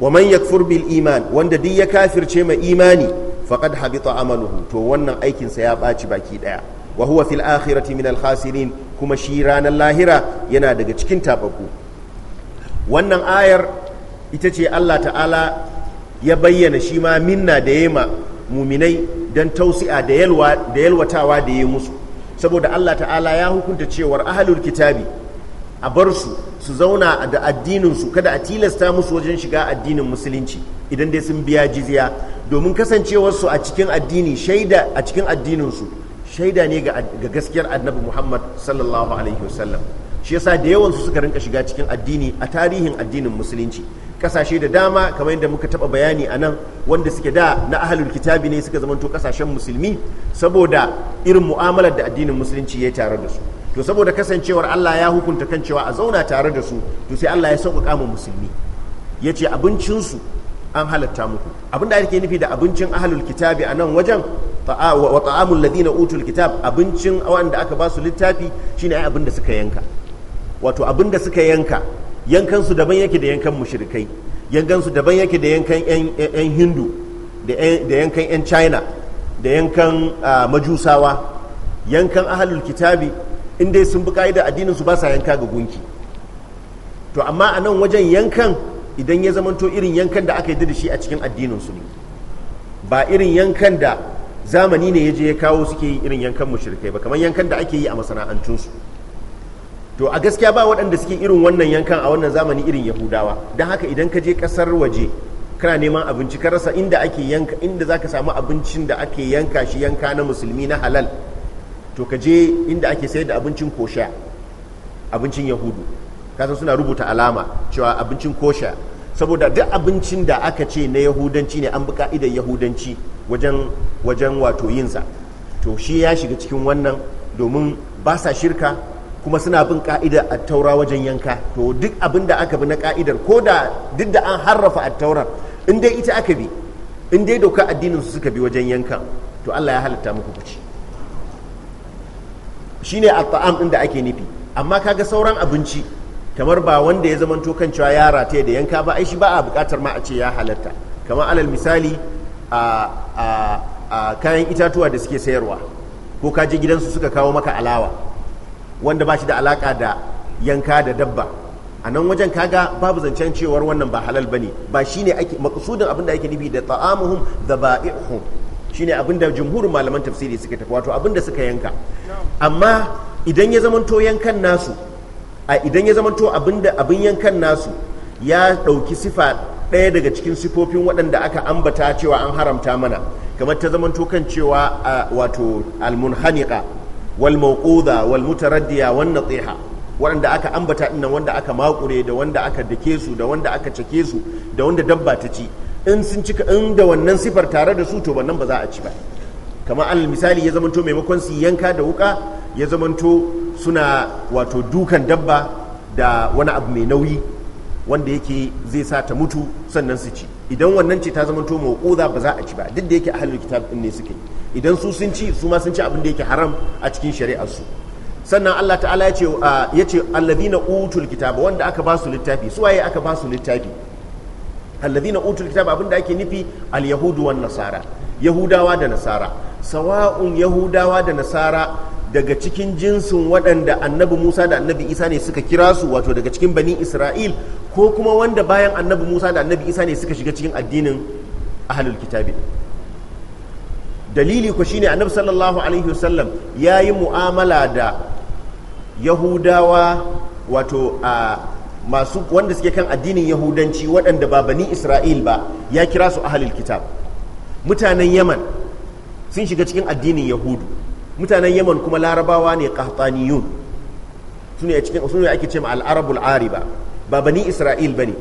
wa man yakfur bil iman wanda duk ya kafirce mai imani faqad habita amaluhu to wannan aikin sa ya ɓaci baki ɗaya wa huwa fil akhirati min al khasirin kuma shi ranar lahira yana daga cikin tabaku wannan ayar ita ce Allah ta'ala ya bayyana shi ma minna da yema muminai don tausi'a da yalwatawa da ya musu saboda Allah ta'ala ya hukunta cewar ahalul kitabi a bar su su zauna da addinin kada a tilasta musu wajen shiga addinin musulunci idan dai sun biya jiziya domin kasancewarsu a cikin addini shaida a cikin addinin shaida ne ga gaskiyar annabi Muhammad sallallahu alaihi wasallam shi yasa da yawan su suka rinka shiga cikin addini a tarihin addinin musulunci kasashe da dama kamar yadda muka taba bayani a nan wanda suke da na ahalul kitabi ne suka zamanto kasashen musulmi saboda irin mu'amalar da addinin musulunci ya tare da su to saboda kasancewar Allah ya hukunta kan cewa a zauna tare da su to sai Allah ya sauƙaƙa mu musulmi ya ce abincinsu an halatta muku abin da ake nufi da abincin ahalul kitabi a nan wajen wa ta'amul ladina utul kitab abincin wanda aka ba su littafi shine ai abin da suka yanka wato abin da suka yanka Yankansu su daban yake da yankan mushrikai yankan su daban yake da yankan yan hindu da yankan yan china da yankan majusawa yankan ahalul kitabi inda sun bi ka'ida addinin su ba sa yanka ga gunki to amma a nan wajen yankan idan ya zamanto irin yankan da aka yi da shi a cikin addinin su ne ba irin yankan da zamani ne ya je ya kawo suke yi irin yankan mushrikai ba kamar yankan da ake yi a masana'antunsu to a gaskiya ba waɗanda suke irin wannan yankan a wannan zamani irin yahudawa don haka idan ka je ƙasar waje kana neman abinci ka rasa inda ake yanka inda zaka samu abincin da ake yanka shi yanka na musulmi na halal to ka je inda ake sayar da abincin kosha abincin yahudu kasan suna rubuta alama cewa abincin kosha saboda duk abincin da aka ce na yahudanci ne an bi ka'idar yahudanci wajen wajen wato yinsa to shi ya shiga cikin wannan domin ba sa shirka kuma suna bin a taura wajen yanka to duk abin da aka bi na ka'idar ko da duk da an harrafa attaurar in dai ita aka bi in dai doka addinin su suka bi wajen yanka to Allah ya halitta muku kuci shine at-ta'am din da ake nufi amma kaga sauran abinci kamar ba wanda ya zamanto kan cewa ya taya da yanka ba ai shi ba a bukatar ma a ce ya halatta kamar alal misali a kayan itatuwa da suke sayarwa ko ka je gidansu suka kawo maka alawa wanda ba shi da alaka da yanka da dabba a nan wajen kaga babu zancen cewar wannan ba halal bane ba shine ake maqsudin abin da ake nufi da ta'amuhum dhaba'ihum shine abin da jumhurin malaman tafsiri suka tafi wato abin da suka yanka amma idan ya zamanto yankan nasu a idan ya zamanto abin da abin yankan nasu ya ɗauki sifa ɗaya daga cikin sifofin waɗanda aka ambata cewa an haramta mana kamar ta zamanto kan cewa wato almunhaniqa wal mawquda wannan mutaraddiya waɗanda aka ambata ina wanda aka makure da wanda aka dake su da wanda aka cake su da wanda dabba ta ci in sun cika in da wannan sifar tare da su to wannan ba za a ci ba kamar alal misali ya zamanto maimakon su yanka da wuka ya zamanto suna wato dukan dabba da wani abu mai nauyi wanda yake zai sa ta mutu sannan su ci idan wannan ce ta zama to mawquza ba za a ci ba duk da yake ahlul kitab din ne suke idan su sun ci su ma sun ci abin da yake haram a cikin shari'ar su sannan Allah ta'ala ya ce uh, ya ce alladhina utul kitab wanda aka ba su littafi su waye aka ba su littafi alladhina utul kitab abin da ake nufi al yahudu wan nasara yahudawa da nasara sawa'un yahudawa da nasara daga cikin jinsin waɗanda annabi Musa da annabi Isa ne suka kira su wato daga cikin bani Isra'il ko kuma wanda bayan annabi Musa da annabi Isa ne suka shiga cikin addinin ahalul kitabi dalili ku shine annabi sallallahu alaihi wasallam ya yi mu'amala da yahudawa wato a masu wanda suke kan addinin yahudanci waɗanda ba bani isra'il ba ya kira su ahalul kitab mutanen yaman sun shiga cikin addinin yahudu mutanen yaman kuma larabawa ne qahtaniyun sune a cikin sune ake cewa al-arabul ariba ba bani isra'il bane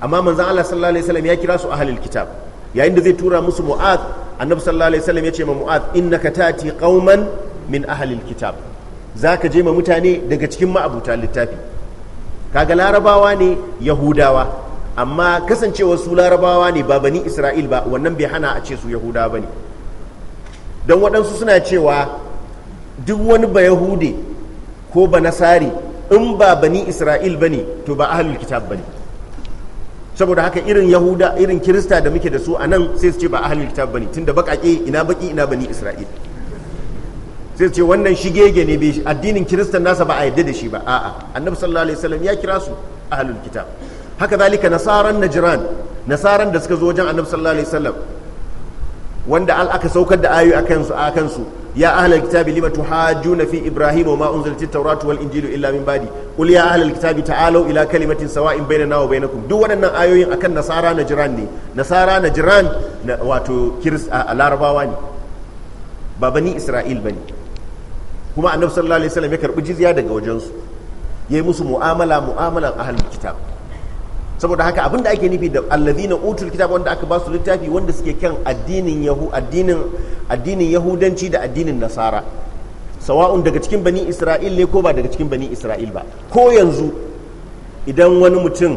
amma manzon Allah sallallahu alaihi wasallam ya kira su ahlul kitab yayin da zai tura musu mu'ad annabi sallallahu alaihi wasallam ya ce ma mu'ad innaka tati qauman min ahlil kitab zaka je ma mutane daga cikin ma'abuta littafi kaga larabawa ne yahudawa amma kasancewar su larabawa ne ba bani isra'il ba wannan bai hana a ce su yahudawa bane don waɗansu suna cewa duk wani ba yahude ko ba nasari in ba bani isra'il ba ne to ba ahlul kitab ne saboda haka irin yahuda irin kirista da muke da su a nan sai su ce ba ahlul kitab tun da baƙaƙe ina baƙi ina bani isra'il sai su ce wannan shigege ne bai addinin kiristan nasa ba a yadda da shi ba a'a annabi sallallahu alaihi wasallam ya kira su ahlul kitab haka zalika nasaran najran nasaran da suka zo wajen annabi sallallahu alaihi wasallam wanda al aka saukar da ayoyi akan su akan su ya ahlal kitabi lima tuhajjuna fi ibrahim wa ma unzilatit tawratu wal injilu illa min ba'di qul ya ahlal kitabi ta'alu ila kalimatin sawa'in bainana wa bainakum duk waɗannan ayoyin akan nasara na jiran ne nasara na jiran wato kiris a larabawa ne ba bani isra'il bane kuma annabi sallallahu alaihi wasallam ya karbi jizya daga wajensu yayi musu mu'amala mu'amalan ahlul kitab saboda haka abin da ake nufi da allazina utul kitab wanda aka ba su littafi wanda suke kan addinin yahu addinin addinin yahudanci da addinin nasara sawa'un daga cikin bani isra'il ne ko ba daga cikin bani isra'il ba ko yanzu idan wani mutum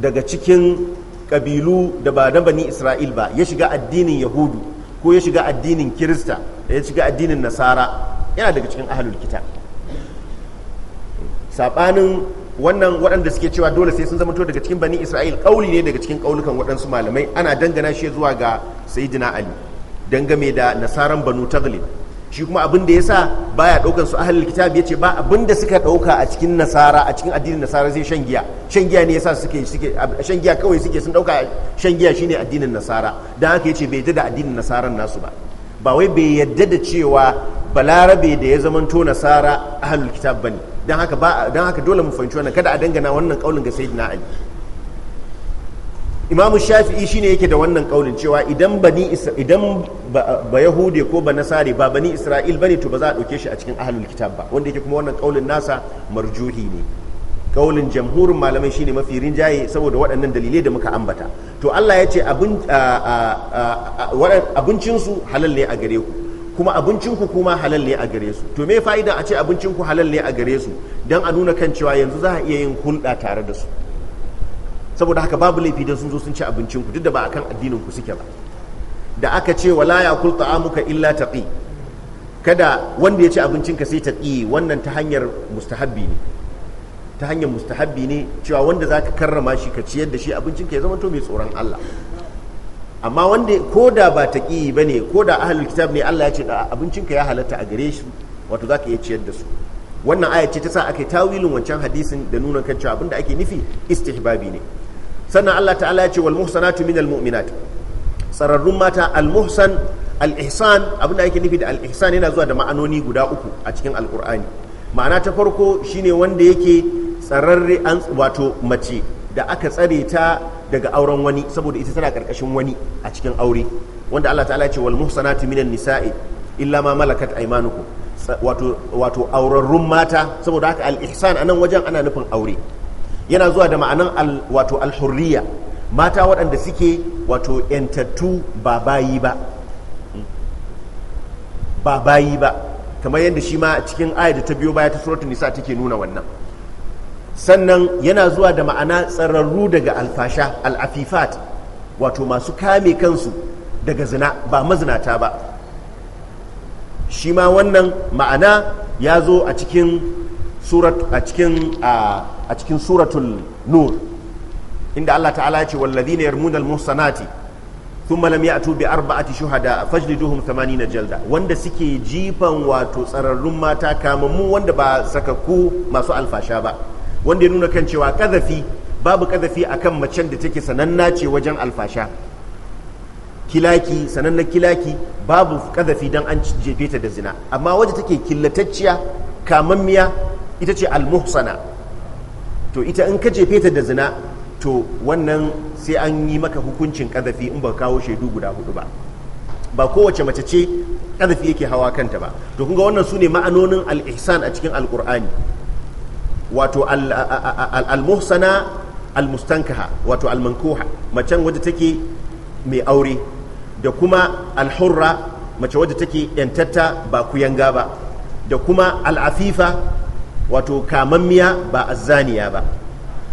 daga cikin kabilu da ba na bani isra'il ba ya shiga addinin yahudu ko ya shiga addinin kirista da ya shiga addinin nasara yana daga cikin ahlul kitab saɓanin wannan waɗanda suke cewa dole sai sun zamanto daga cikin bani isra'il ƙauli ne daga cikin ƙaulukan waɗansu malamai ana dangana shi zuwa ga sayidina ali dangame da nasaran banu tagli shi kuma abin da yasa baya ɗaukan su ahlul kitab yace ba abin da suka ɗauka a cikin nasara a cikin addinin nasara zai shan giya shan giya ne yasa suke suke shan giya kawai suke sun ɗauka shan giya shine addinin nasara dan haka yace bai yadda da addinin nasaran nasu ba ba wai bai yadda da cewa balarabe da ya zamanto nasara ahlul kitab bane don haka dole mu fahimci wannan kada a dangana wannan kaulin ga sayyidina ali imamu shafi'i shine yake da wannan kaulin cewa idan bani idan ba yahude ko ba nasari ba bani isra'il bane to ba za a dauke shi a cikin ahlul kitab ba wanda yake kuma wannan kaulin nasa marjuhi ne kaulin jamhurin malamai shine mafi rinjaye saboda waɗannan dalilai da muka ambata to Allah ya ce abincinsu halal ne a gare ku kuma abincinku kuma halal ne a gare su to me fa'ida a ce abincinku halal ne a gare su don a nuna kan cewa yanzu za a iya yin hulɗa tare da su saboda haka babu laifi don sun zo sun ci abincinku duk da ba a kan addininku suke ba da aka ce wala ya kul ta'amuka illa taqi kada wanda ya ci abincinka sai taqi wannan ta hanyar mustahabbi ne ta hanyar mustahabbi ne cewa wanda zaka karrama shi ka ciyar da shi abincinka ya zama to mai tsoron Allah amma wanda ko da ba ta ƙi ba ne ko da ahalul kitab ne Allah ya ce abincinka ya halatta a gare shi wato za ka iya ciyar da su wannan aya ce ta sa aka tawilin wancan hadisin da nuna kan cewa abinda ake nufi istihbabi ne sannan Allah ta'ala ya ce wal muhsanatu minal mu'minat tsararrun mata al muhsan al ihsan abinda ake nufi da al ihsan yana zuwa da ma'anoni guda uku a cikin alqur'ani ma'ana ta farko shine wanda yake tsararre an wato mace da aka tsare ta daga auren wani saboda ita tana karkashin wani a cikin aure wanda Allah ta'ala ce wal muhsanati minan nisa'i illa ma malakat aymanukum wato wato aurarrun mata saboda haka al ihsan anan wajen ana nufin aure yana zuwa da ma'anan al wato al hurriya mata waɗanda suke wato yantattu ba bayi ba ba ba kamar yadda shi ma cikin ayat da ta biyo baya ta suratul nisa take nuna wannan sannan yana zuwa da ma'ana tsararru daga alfasha al'afifat wato masu kame kansu daga zina ba mazinata ba shi ma wannan ma'ana ya zo a cikin a cikin suratul nur inda Allah ta'ala ya ce wallazina yarmuna al-muhsanati thumma lam ya'tu bi arba'ati shuhada fajliduhum 80 jalda wanda suke jifan wato tsararrun mata kamammu wanda ba sakakku masu alfasha ba wanda ya nuna kan cewa kazafi babu kazafi akan macen da take sananna ce wajen alfasha kilaki sanannan kilaki babu kazafi don an jefe ta da zina amma waje take killatacciya kamammiya ita ce almuhsana to ita in ka jefe ta da zina to wannan sai an yi maka hukuncin kazafi in ba kawo shaidu guda hudu ba ba kowace mace ce kazafi yake hawa kanta ba to kun wannan su ne ma'anonin al a cikin alkur'ani wato al-muhsana al-mustankaha wato al-mankuha macen wadda take mai aure da kuma al-hurra mace wadda take yantatta ba kuyanga ba da kuma al-afifa wato kamammiya ba azzaniya ba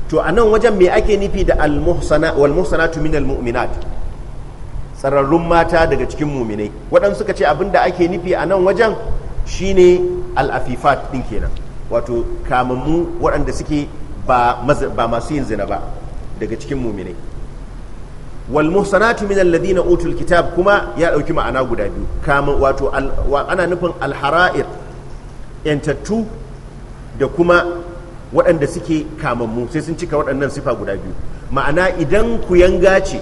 to a nan wajen me ake nufi da al-muhsana wal-muhsanatu minal mu'minat tsararrun mata daga cikin muminai waɗansu suka ce abin da ake nufi a nan wajen shine al-afifat ɗin kenan wato kamammu waɗanda suke ba masu yin zina ba daga cikin muminai wal muhsanatu min alladhina utul kitab kuma ya dauki ma'ana guda biyu kama wato ana nufin al hara'ir yantattu da kuma waɗanda suke kamammu sai sun cika waɗannan sifa guda biyu ma'ana idan ku yanga ce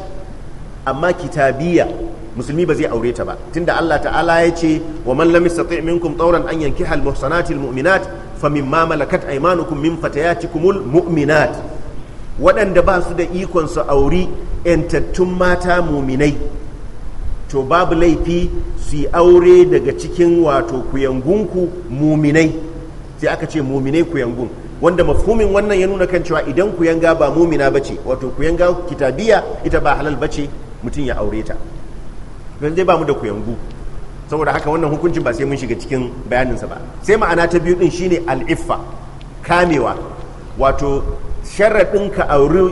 amma kitabiya musulmi ba zai aure ta ba tunda Allah ta'ala ya ce wa man lam yastati' minkum tawran an yankihal al muhsanati al mu'minat famin ma malakat aimanukum min fatayatikumul mu'minat waɗanda ba su da ikon su auri yantattun mata muminai to babu laifi su yi aure daga cikin wato kuyangunku muminai sai aka ce muminai kuyangun wanda mafhumin wannan ya nuna kan cewa idan kuyanga ba mumina bace wato kuyanga kitabiya ita ba halal bace mutum ya aure ta don dai ba mu da kuyangu saboda haka wannan hukuncin ba sai mun shiga cikin bayaninsa ba sai ma'ana ta biyu din shine al'iffa kamewa wato sharaɗin ka auri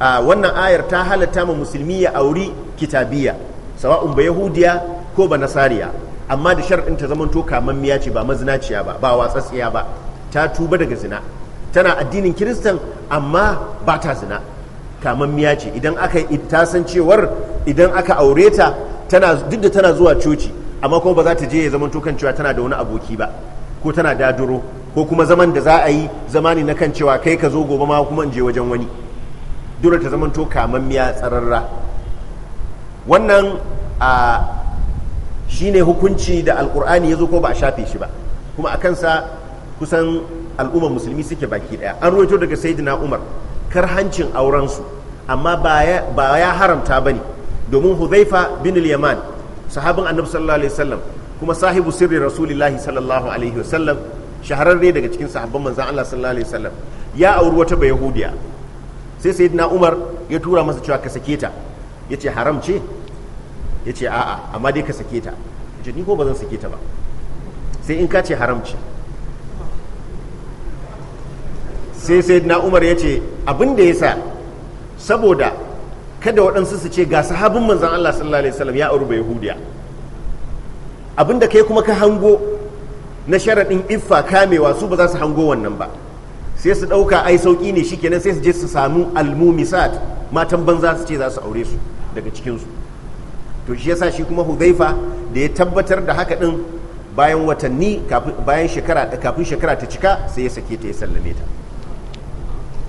a wannan ayar ta halatta ma musulmi ya auri kitabiya sawa'un ba yahudiya ko ba nasariya amma da sharaɗin ta to kamammiya ce ba mazinaciya ba ba watsatsiya ba ta tuba daga zina tana addinin kiristan amma ba ta zina kamammiya ce idan aka ta san cewar idan aka aure ta tana duk da tana zuwa coci amma kuma ba za ta je ya zaman tukan cewa tana da wani aboki ba ko tana daduro ko kuma zaman da za a yi zamani na kan cewa kai ka zo gobe ma kuma in je wajen wani dole ta zaman to kamammiya tsararra wannan a shine hukunci da alkur'ani ya zo ko ba a shafe shi ba kuma a sa kusan al'ummar musulmi suke baki daya an ruwaito daga sayyidina umar kar auren su amma ba ya haramta bane domin huzaifa bin yaman sahabin annabi sallallahu alaihi wasallam kuma sahibu sirri rasulullahi sallallahu alaihi wasallam shahararre daga cikin sahabban manzon Allah sallallahu alaihi wasallam ya auri wata bai yahudiya sai sayyidina Umar ya tura masa cewa ka sake ta yace haram ce yace a'a amma dai ka sake ta yace ni ko ba zan sake ta ba sai in ka ce haram ce sai sayyidina Umar yace abin da yasa saboda kada waɗansu su ce ga sahabin manzan Allah sallallahu alaihi wasallam ya auri bai yahudiya abinda kai kuma ka hango na sharaɗin iffa kamewa su ba za su hango wannan ba sai su ɗauka ai sauƙi ne shikenan sai su je su samu almumisat matan banza su ce za su aure su daga cikinsu to shi yasa shi kuma hudhaifa da ya tabbatar da haka ɗin bayan watanni bayan shekara kafin shekara ta cika sai ya sake ta ya sallame ta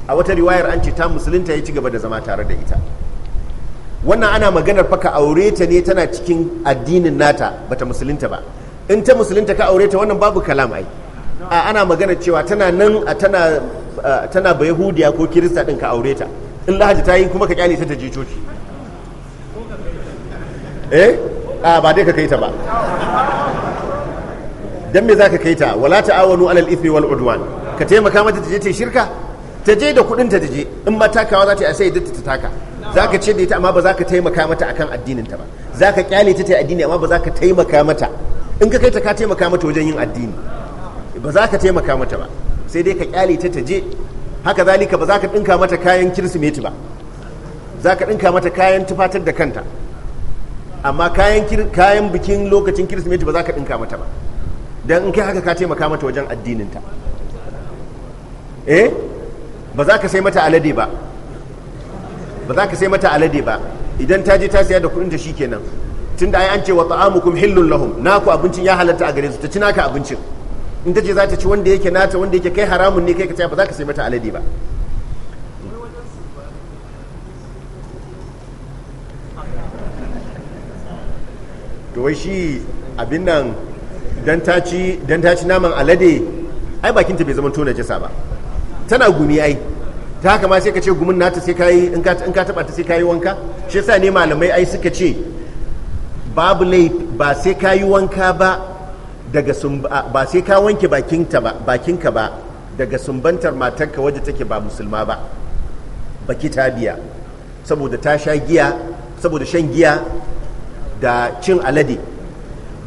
a wata riwayar an ce ta musulunta ya ci gaba da zama tare da ita wannan ana maganar fa ka aure ta ne tana cikin addinin nata bata musulunta ba in ta musulunta ka aure ta wannan babu kalam ai a ana magana cewa tana nan tana tana ba yahudiya ko kirista din ka aure ta in lahaji ta yi kuma ka kyale ta ta je coci eh a ba dai ka kai ta ba dan me zaka kai ta wala ta'awanu alal ithmi wal udwan ka taimaka mata ta je ta shirka ta je da kudin ta ta je in ba takawa za ta yi sai ta taka za ka ce da ita amma ba za ka taimaka mata akan addinin ta ba za ka kyale ta ta addini amma ba za ka taimaka mata in ka kai ta ka taimaka mata wajen yin addini ba za ka taimaka mata ba sai dai ka kyale ta ta je haka zalika ba za ka dinka mata kayan kirsimeti ba za ka dinka mata kayan tufatar da kanta amma kayan kayan bikin lokacin kirsimeti ba za ka dinka mata ba dan in kai haka ka taimaka mata wajen addinin ta eh ba za ka sai mata alade ba ba za ka sai mata alade ba idan ta je ta siya da ta shi kenan tun da ai an ce wa ta'amukum hillun lahum naku abincin ya halatta a gare su ta ci naka abincin in ta ce za ta ci wanda yake nata wanda yake kai haramun ne kai ka ba za ka sai mata alade ba to wai shi abin nan dan ta ci naman alade ai bakinta bai zama tona jasa ba tana gumi ai ta haka ma sai ka ce gumin nata sai kayi in ka taba ta sai kayi wanka shi yasa ne malamai ai suka ce babu lai ba sai kayi wanka ba daga ba sai ka wanke bakinta ba bakinka ba daga sumbantar matarka wadda take ba musulma ba baki ta biya saboda ta sha giya saboda shan giya da cin alade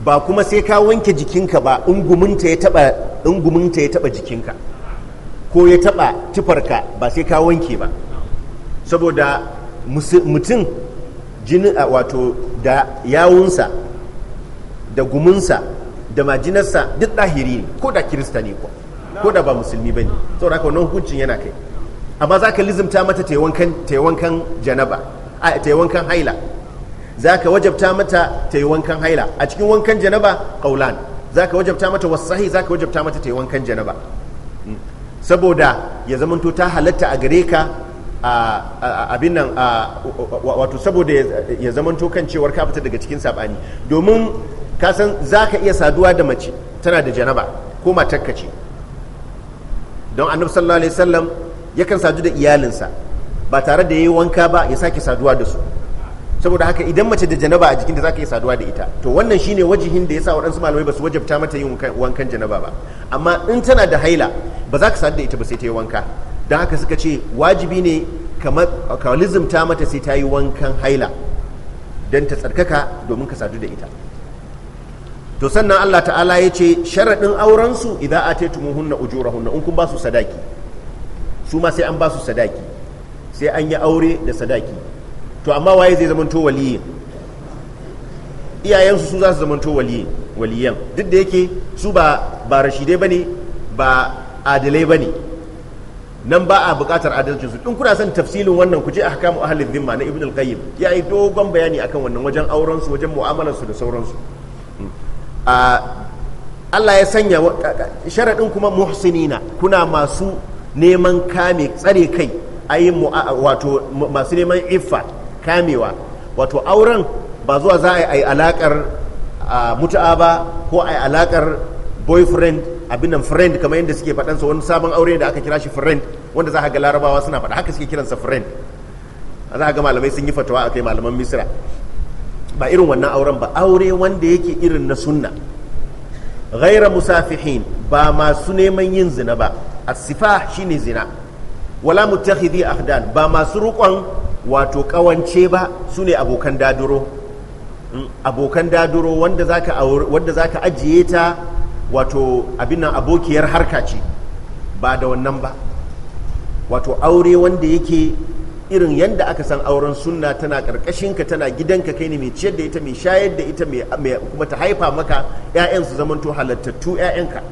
ba kuma sai ka wanke jikinka ba in ta ya taba jikinka ko ya taɓa tufarka ba sai ka wanke ba saboda mutum jini a wato da yawunsa da gumunsa da majinarsa duk ɗahiri ne ko da kirista ne ko ko da ba musulmi ba ne saboda haka wannan hukuncin yana kai amma za ka lizimta mata taiwankan janaba a taiwankan haila za ka wajabta mata taiwankan haila a cikin wankan janaba kaulan za ka wajabta mata wasahi za ka wajabta mata taiwankan janaba saboda ya zamanto ta halatta a gare ka abin nan wato saboda ya zamanto kan cewar ka fita daga cikin sabani domin ka san za ka iya saduwa da mace tana da janaba ko matarka ce don annab sallallahu alaihi wasallam yakan sadu da iyalinsa ba tare da yayi wanka ba ya sake saduwa da su saboda haka idan mace da janaba a jikinta za ka yi saduwa da ita to wannan shine wajihin da ya sa waɗansu malamai ba su wajabta mata yin wankan janaba ba amma in tana da haila ba za ka sadu da ita ba sai ta yi wanka don haka suka ce wajibi ne ka lizimta mata sai ta yi wankan haila don ta tsarkaka domin ka sadu da ita to sannan Allah ta'ala ya ce sharaɗin aurensu idan a hunna ujurahunna in kun ba su sadaki su ma sai an ba su sadaki sai an yi aure da sadaki to amma waye zai zamanto waliyin iyayensu su za su zamanto waliyan duk da yake su ba ba rashidai bane ba adalai bane nan ba a buƙatar adalcin su in kuna son tafsilin wannan ku je hakamu ahlul dhimma na ibn al-qayyim ya yi dogon bayani akan wannan wajen auren su wajen mu'amalar su da sauransu hmm. a Allah ya sanya sharadin kuma muhsinina kuna masu neman kame tsare kai ayi wato masu neman iffa kamewa wato auren ba zuwa za a yi alakar mutu'a ba ko a yi alakar boyfriend abinan friend kamar yadda suke faɗansa wani sabon aure da aka kira shi friend wanda za a ga larabawa suna faɗa haka suke kiransa friend za a ga malamai sun yi fatawa a kai malaman misira ba irin wannan auren ba aure wanda yake irin na sunna ghaira musafihin ba masu neman yin zina ba asifa shine zina wala mutakhidhi ahdan ba masu rukon wato kawance ba su ne abokan daduro mm, abokan daduro wanda za ka ajiye ta wato abin abokiyar harka ce ba da wannan ba wato aure wanda yake irin yadda aka san auren sunna tana ka tana gidanka kai ne mai ciyar da ita mai shayar da ita kuma ta haifa maka 'ya'yan su zamanto halattattu 'ya'yanka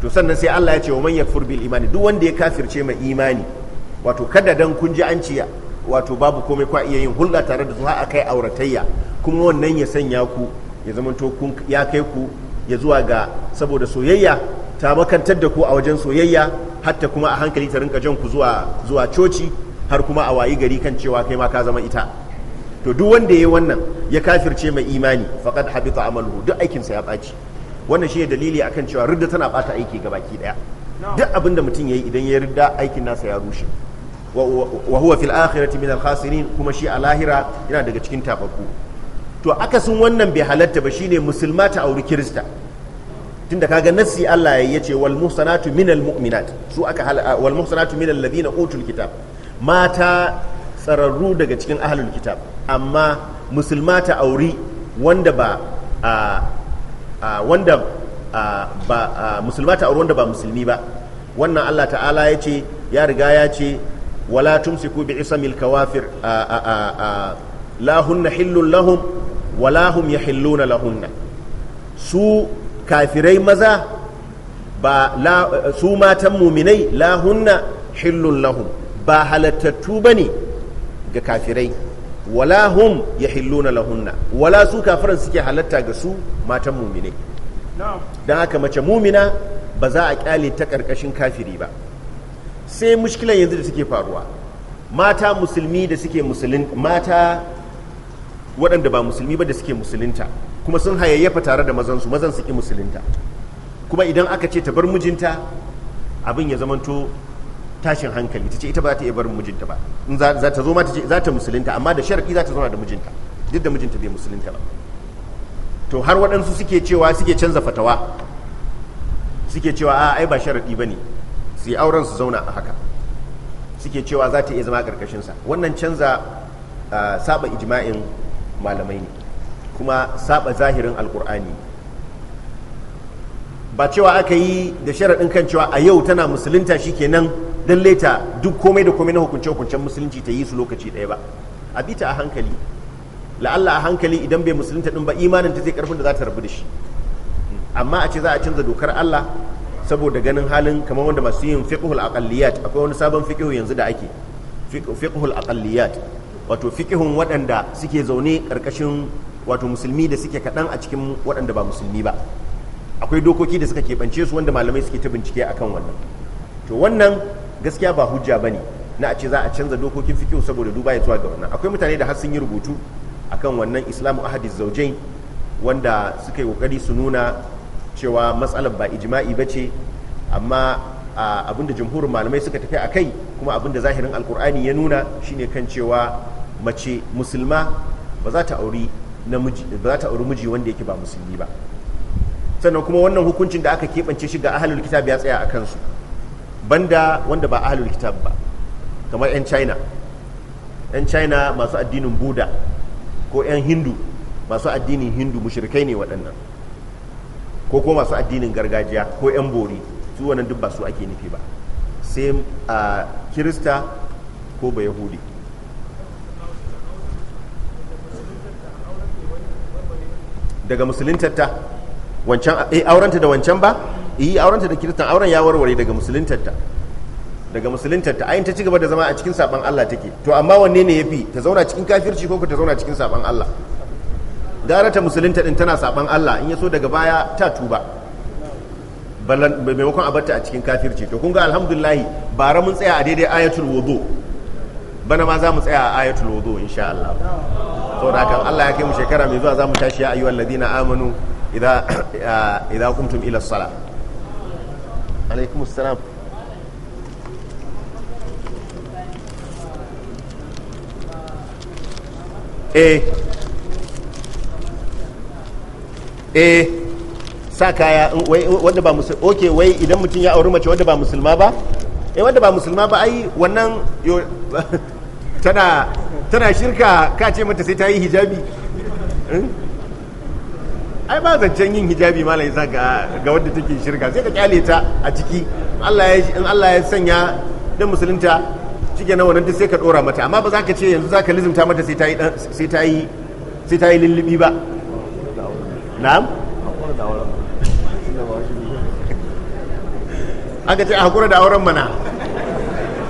to sannan sai Allah ya ce wa manyan furbil imani duk wanda ya kafirce mai imani wato kada dan kun ji an ci wato babu komai kwa iya yin hulɗa tare da su a kai auratayya kuma wannan ya sanya ku ya to kun ya kai ku ya zuwa ga saboda soyayya ta makantar da ku a wajen soyayya hatta kuma a hankali ta rinka jan ku zuwa zuwa coci har kuma a wayi gari kan cewa kai ma ka zama ita to duk wanda ya wannan ya kafirce mai imani faqad habita amaluhu duk aikinsa ya baci wannan shine dalili akan cewa ridda tana bata aiki gabaki daya duk abin da mutum yi idan ya ridda aikin nasa ya rushe wa huwa fil akhirati min al khasirin kuma shi a lahira yana daga cikin tafakku to akasin wannan bai halatta ba shine musulma ta auri kirista tunda kaga nassi Allah ya yace wal muhsanatu min al mu'minat su aka wal muhsanatu min alladhina utul kitab mata tsararru daga cikin ahlul kitab amma musulma ta auri wanda ba wanda ba musulma ta auri wanda ba musulmi ba wannan Allah ta'ala ya ce ya riga ya ce wala tumsiku bi isamil kawafir la hunna hillun lahum wala hum yahilluna lahunna su kafirai maza su matan muminai la hunna hillun lahum ba halattattu bane ga kafirai wala hum yahilluna lahunna wala su kafiran suke halatta ga su matan muminai don haka mace mumina ba za a kyale ta ƙarƙashin kafiri ba sai mushkilan yanzu da suke faruwa mata musulmi da suke musulun mata waɗanda ba musulmi ba da suke musulunta kuma sun hayayyafa tare da mazansu mazan su ki musulunta kuma idan aka ce ta bar mijinta abin ya zamanto tashin hankali ta ce ita ba ta iya bar mijinta ba in za ta zo ma ta ce za ta musulunta amma da sharadi za ta zauna da mijinta duk da mijinta bai musulunta ba to har waɗansu suke cewa suke canza fatawa suke cewa a ai ba sharadi ba ne su yi auren su zauna a haka suke cewa za ta iya zama karkashin sa wannan canza saba ijma'in malamai ne kuma saba zahirin alkur'ani ba cewa aka yi da sharaɗin kan cewa a yau tana musulunta shikenan dan leta duk komai da komai na hukunce-hukuncen musulunci ta yi su lokaci ɗaya ba a ta a hankali la'alla a hankali idan bai musulunta ɗin ba imanin ta zai karfin da za ta rabu da shi amma a ce za a canza dokar Allah saboda ganin halin kamar wanda masu yin fiqhul aqalliyat akwai wani sabon fiqhu yanzu da ake fiqhul aqalliyat wato fiqhun waɗanda suke zaune ƙarƙashin wato musulmi da suke kaɗan a cikin waɗanda ba musulmi ba akwai dokoki da suka keɓance su wanda malamai suke ta bincike akan wannan to wannan gaskiya ba hujja ba ne na a ce za a canza dokokin fikihu saboda duba ya zuwa ga wannan akwai mutane da har sun yi rubutu akan wannan islamu ahadis zaujain wanda suka yi kokari su nuna cewa matsalar ba ijma'i ba ce amma abinda jamhurin malamai suka tafi a kai kuma abinda zahirin alkur'ani ya nuna shine kan cewa mace musulma ba za ta auri namiji ba za ta auri miji wanda yake ba musulmi ba sannan kuma wannan hukuncin da aka keɓance shi ga ahalul kitab ya tsaya a kansu banda wanda ba ahalul kitab ba kamar 'yan china 'yan china masu addinin buda ko 'yan hindu masu addinin hindu mushirikai ne waɗannan ko ko masu addinin gargajiya ko 'yan bori su wannan duk ba su ake nufi ba sai a kirista ko ba yahudi daga musulintarta wancan eh auranta da wancan ba yi eh, auranta da kiristan auren ya warware daga musulintarta daga musulintarta ayin ta ci gaba da zama a cikin saban Allah take to amma wanne ne yafi ta zauna cikin kafirci ko ta zauna cikin saban Allah darata musulunta din tana saban Allah in ya so daga baya ta tuba maimakon a batta a cikin kafirci to kun ga alhamdulillahi bara mun tsaya a daidai ayatul wudu bana ma za mu tsaya a ayatul wudu insha Allah da kan Allah ya kai mu shekara mai zuwa za mu tashi ya ayyuhal ladina amanu idza idza kumtum ila sala. alaikum assalam eh eh sa kaya wanda ba musulma ok wai idan mutum ya auri mace wanda ba musulma ba eh wanda ba musulma ba ai wannan tana tana shirka ka ce mata sai ta yi hijabi hmm? ai ba zancen yin hijabi ma laisa ga ga wanda take shirka sai ka kyale ta a ciki Allah ya in Allah ya sanya dan musulunta cike nan wannan sai ka dora mata amma ba za ka ce yanzu za ka lizimta mata sai ta yi sai ta yi sai ta yi lullubi ba na'am aka ce a hakura da auren mana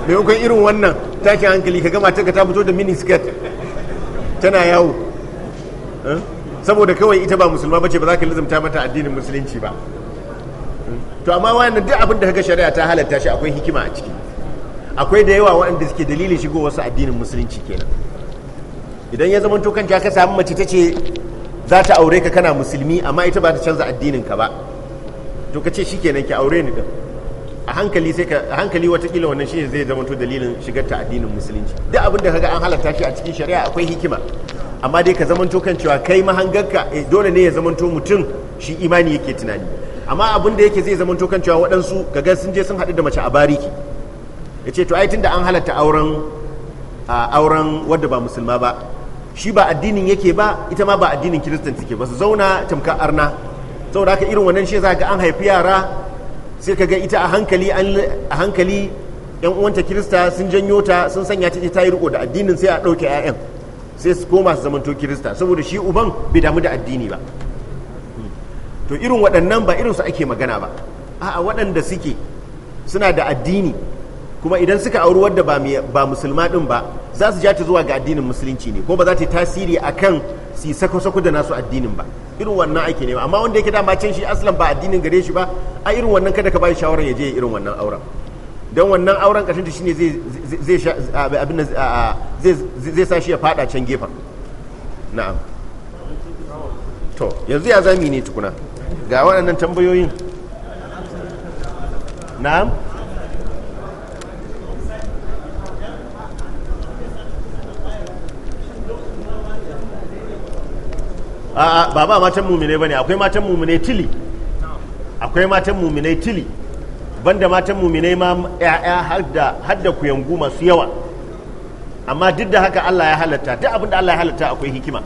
mai maimakon irin wannan takin hankali ka gama ta ta fito da mini skirt tana yawo eh? saboda kawai ita ba musulma bace ba za ka lizumta mata addinin musulunci ba eh? to amma wannan duk abin da kaga shari'a ta halatta shi akwai hikima a ciki akwai da yawa waɗanda suke dalilin shigo wasu addinin musulunci kenan idan ya zama to kanta ka samu mace ta ce za ta aure ka kana musulmi amma ita ba ta canza addinin ka ba to ka ce shikenan ki aure ni din a hankali sai ka a hankali watakila wannan shi zai zama to dalilin shigar ta addinin musulunci duk abin da kaga an halatta shi a cikin shari'a akwai hikima amma dai ka zamanto kan cewa kai mahangarka eh, dole ne ya zamanto mutum shi imani yake tunani amma abin da yake zai zamanto kan cewa waɗansu kaga sun je sun haɗu da mace a bariki ya ce to ai da an halatta auren auren wadda ba musulma ba shi ba addinin yake ba ita ma ba addinin kiristan suke ba su zauna tamkar arna saboda haka irin wannan shi za ga an haifi yara sai ka ga ita a hankali a hankali yan uwanta kirista sun janyo ta sun sanya ta ta yi riko da addinin sai a ɗauke 'ya'yan sai su koma su zamanto kirista saboda shi uban bai damu da addini ba to irin waɗannan ba irin su ake magana ba a'a waɗanda suke suna da addini kuma idan suka auri wadda ba musulma ɗin ba za su ja ta zuwa ga addinin musulunci ne ko ba za ta yi tasiri a kan su sako-sako da nasu addinin ba irin wannan ake nema amma wanda yake dama can shi aslan ba addinin gare shi ba a irin wannan kada ka ba shawarar ya je irin wannan auren don wannan auren ƙarshen ta shine zai sa shi ya fada can gefen na'am to yanzu ya zami ne tukuna ga waɗannan tambayoyin na'am a'a ba ba matan mumine bane akwai matan mumine tili akwai matan mumine tili banda matan mumine ma ya'ya har da yangu masu yawa amma duk da haka Allah ya halatta duk abin da Allah ya halatta akwai hikima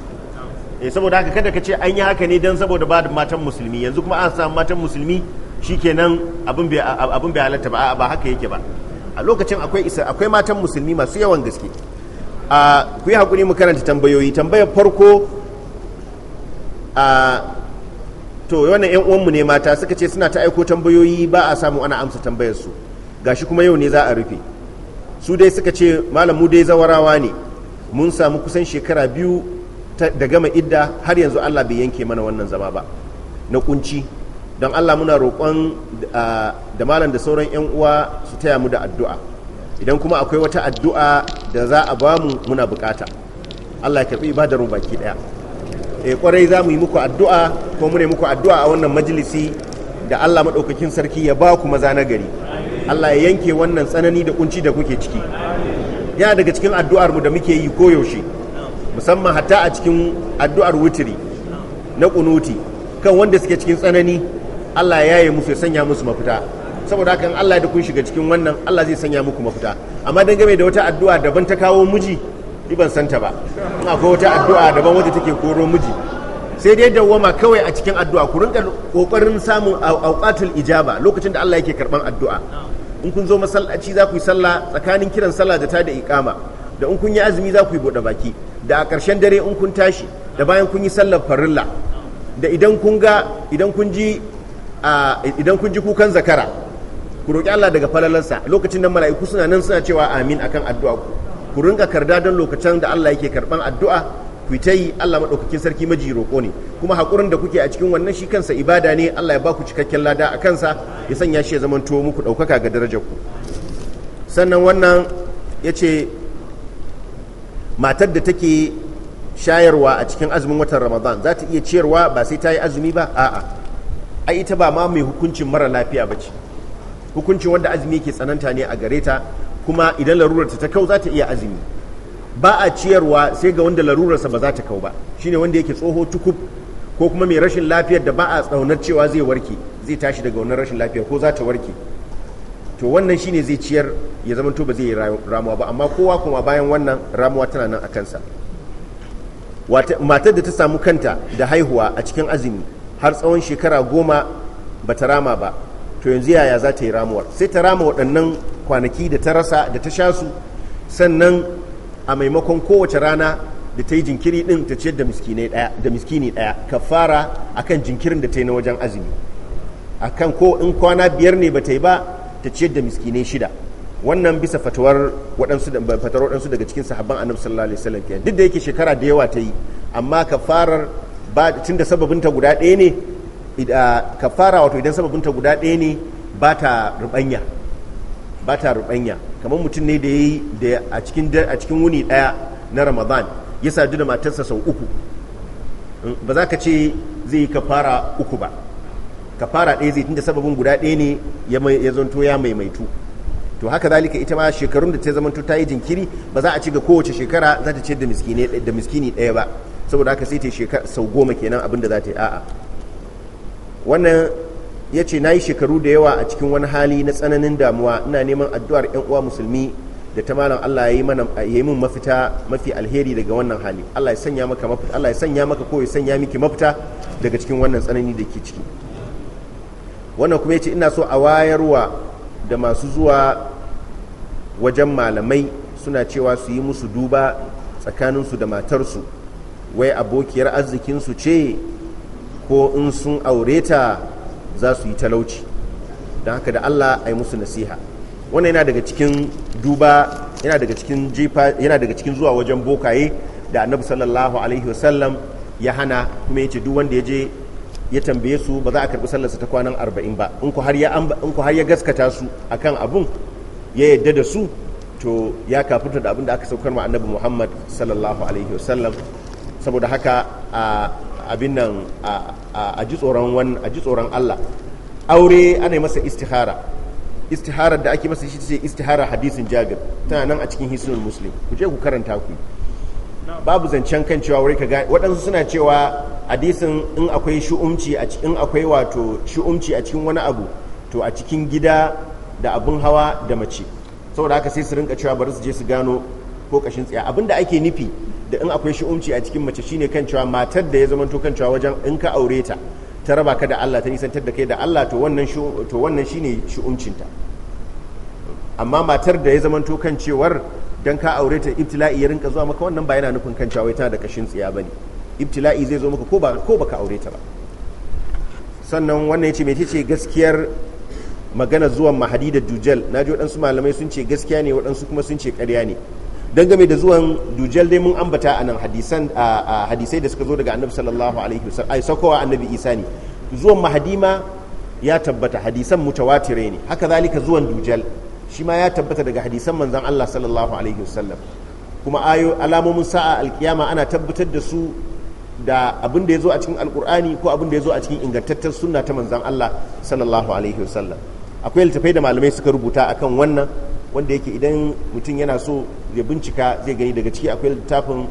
eh saboda haka kada ka ce an yi haka ne dan saboda ba matan musulmi yanzu kuma an samu matan musulmi shikenan abin bai abin bai halatta ba ba haka yake ba a lokacin akwai isa akwai matan musulmi masu yawan gaske a ah, ku yi hakuri mu karanta tambayoyi tambayar farko to wannan yan uwanmu ne mata suka ce suna ta aiko tambayoyi ba a samu ana amsa tambayar su gashi kuma yau ne za a rufe su dai suka ce malam mu dai zawarawa ne mun samu kusan shekara biyu da gama idda har yanzu Allah bai yanke mana wannan zama ba na kunci don Allah muna roƙon da malam da sauran yan uwa su taya mu da addu'a idan kuma akwai wata addu'a da za a bamu muna bukata Allah ya karbi ibadar baki ɗaya. Eh, kwarai za mu yi muku addu'a ko mu ne muku addu'a a wannan majalisi da Allah maɗaukakin sarki ya ba ku maza nagari Allah ya yanke wannan tsanani da kunci da kuke ciki yana daga cikin addu'ar mu da muke yi koyaushe musamman hatta a cikin addu'ar wutiri na kunuti kan wanda suke cikin tsanani Allah ya yaye musu ya sanya musu mafita saboda haka Allah da kun shiga cikin wannan Allah zai sanya muku mafita amma dangane da wata addu'a daban ta kawo miji ni ban santa ba in akwai wata addu'a daban wadda take koro miji sai dai dawwama kawai a cikin addu'a ku rinka kokarin samun auqatul ijaba lokacin da Allah yake karban addu'a in kun zo masallaci za ku yi sallah tsakanin kiran sallah da ta da iqama da in kun yi azumi za ku yi bude baki da a ƙarshen dare in kun tashi da bayan kun yi sallar farilla da idan kun ga idan kun ji idan kun ji kukan zakara ku roƙi Allah daga falalansa lokacin nan mala'iku suna nan suna cewa amin akan addu'a ku ku ringa karda don lokacin da Allah yake karban addu'a ku ta yi Allah maɗaukakin sarki maji roƙo ne kuma haƙurin da kuke a cikin wannan shi kansa ibada ne Allah ya ba ku cikakken lada a kansa ya sanya shi ya zama to muku ɗaukaka ga darajar ku sannan wannan ya ce matar da take shayarwa a cikin azumin watan ramadan za ta iya ciyarwa ba sai ta yi azumi ba a'a ai ita ba ma mai hukuncin mara lafiya ba ce hukuncin wanda azumi ke tsananta ne a gare ta kuma idan larurarta ta kau za ta iya azumi ba a ciyarwa sai ga wanda larurarsa ba za ta kau ba shine wanda yake tsoho tukub ko kuma mai rashin lafiyar da ba a tsaunar cewa zai warke zai tashi daga wannan rashin lafiyar ko za ta warke to wannan shine zai ciyar ya zama to ba zai yi ramuwa ba amma kowa kuma bayan wannan ramuwa tana nan a kansa matar da ta samu kanta da haihuwa a cikin azumi har tsawon shekara goma ba ta rama ba to yanzu yaya za ta yi ramuwar sai ta rama waɗannan kwanaki da ta rasa da ta sha su sannan a maimakon kowace rana da ta yi jinkiri din ta ciyar da miskini daya da fara a kan jinkirin da ta yi na wajen azumi a kan ko in kwana biyar ne ba ta yi ba ta ciyar da miskinai shida wannan bisa fatawar waɗansu fatawar waɗansu daga cikin sahabban annabi sallallahu alaihi wasallam kenan duk da yake shekara da yawa ta yi amma kafarar ba tunda sababin ta guda ɗaya ne kafara wato idan sababin ta guda ɗaya ne ba ta rubanya ba ta rubanya kamar mutum ne da yayi yi a cikin a cikin wuni daya na ramadan ya sadu da matarsa sau uku hmm, ba za ka ce zai yi kafara uku ba kafara ɗaya zai tunda sababin guda ɗaya ne ya zanto ya maimaitu to haka zalika ita ma shekarun da ta zamanto ta yi jinkiri ba za a ci ga kowace shekara za ta ce da miskini ɗaya ba saboda haka sai ta shekara sau goma kenan abin da za ta yi a'a wannan ya ce na yi shekaru da yawa a cikin wani hali na tsananin damuwa ina neman addu'ar 'yan uwa musulmi da ta malam Allah ya yi min mafita mafi alheri daga wannan hali Allah ya sanya maka mafita Allah ya sanya maka ko ya sanya miki mafita daga cikin wannan tsanani da ke ciki wannan kuma yace ina so a wayarwa da masu zuwa wajen malamai suna cewa su yi musu duba tsakaninsu da matarsu wai abokiyar arzikinsu ce ko in sun aure ta za su yi talauci don haka da Allah a yi musu nasiha wannan yana daga cikin duba yana daga cikin zuwa wajen bokaye da annabi sallallahu alaihi wasallam ya hana kuma ya ce duk wanda ya je ya tambaye su ba za a karbi sallarsa ta kwanan arba'in ba in ku har ya gaskata su akan abun ya yadda da su to ya kafinta da abin da aka saukar ma annabi muhammad sallallahu alaihi wasallam saboda haka a abin nan a ji tsoron a ji tsoron Allah aure ana masa istihara istiharar da ake masa shi ce istihara hadisin Jabir tana nan a cikin hisunan muslim ku je ku karanta ku babu zancen kan cewa wuri ka gani waɗansu suna cewa hadisin in akwai shu'umci a cikin akwai wato shu'umci a cikin wani abu to a cikin gida da abin hawa da mace saboda haka sai su rinka cewa bari su je su gano ko kashin tsaya abinda ake nufi da in akwai shi'umci a cikin mace shine kan cewa matar da ya zama to kan cewa wajen in ka aure ta ta raba ka da Allah ta nisantar da kai da Allah to wannan to wannan shine shi'umcinta amma matar da ya zama to kan cewar dan ka aure ta ibtila'i ya rinka zuwa maka wannan ba yana nufin kan cewa tana da kashin tsiya bane ibtila'i zai zo maka ko ba ko baka aure ta ba sannan wannan yace mece ce gaskiyar magana zuwan mahadi da dujal Na ji waɗansu malamai sun ce gaskiya ne waɗansu kuma sun ce ƙarya ne game da zuwan dujal dai mun ambata a nan hadisai da suka zo daga annabi sallallahu alaihi wasallam ai sakowa annabi isa ne zuwan mahadima ya tabbata hadisan mutawatire ne haka zalika zuwan dujal shi ma ya tabbata daga hadisan manzon Allah sallallahu alaihi wasallam kuma ayo alamomin sa'a alkiyama ana tabbatar da su da abin da ya zo a cikin alkur'ani ko abin da ya zo a cikin ingantattar sunna ta manzon Allah sallallahu alaihi wasallam akwai littafai da malamai suka rubuta akan wannan wanda yake idan mutum yana so ya bincika zai gani daga ciki akwai littafin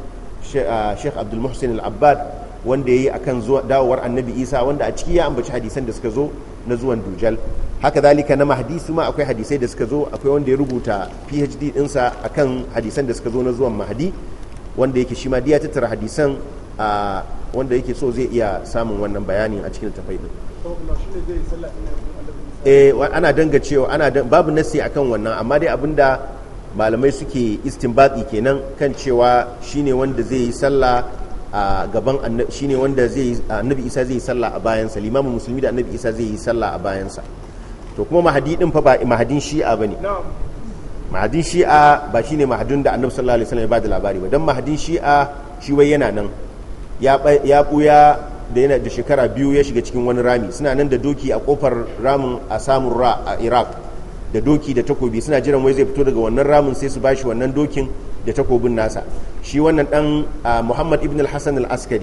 sheikh abdul muhsin al-abbad wanda ya yi a kan dawowar annabi isa wanda a ciki ya ambaci hadisan da suka zo na zuwan dujal haka zalika na mahdi ma akwai hadisai da suka zo akwai wanda ya rubuta phd dinsa a kan hadisan da suka zo na zuwan wanda yake shi ma ya tattara hadisan a wanda yake so zai iya samun wannan bayanin a cikin tafai din eh ana dangacewa ana babu nasi akan wannan amma dai abinda malamai suke istinbati kenan kan cewa shine wanda zai yi sallah a gaban shine wanda zai annabi isa zai yi sallah a bayansa limamin musulmi da annabi isa zai yi sallah a bayansa to kuma mahadi din fa ba mahadin shi'a bane mahadin shi'a ba shine mahadin da annabi sallallahu alaihi wasallam ya bada labari ba dan mahadin shi'a shi wai yana nan ya ya buya da yana da shekara biyu ya shiga cikin wani rami suna nan da doki a kofar ramin asamurra a iraq da doki da takobi suna jiran wai zai fito daga wannan ramin sai su ba shi wannan dokin da takobin nasa shi wannan dan muhammad ibn al-hassan al-askari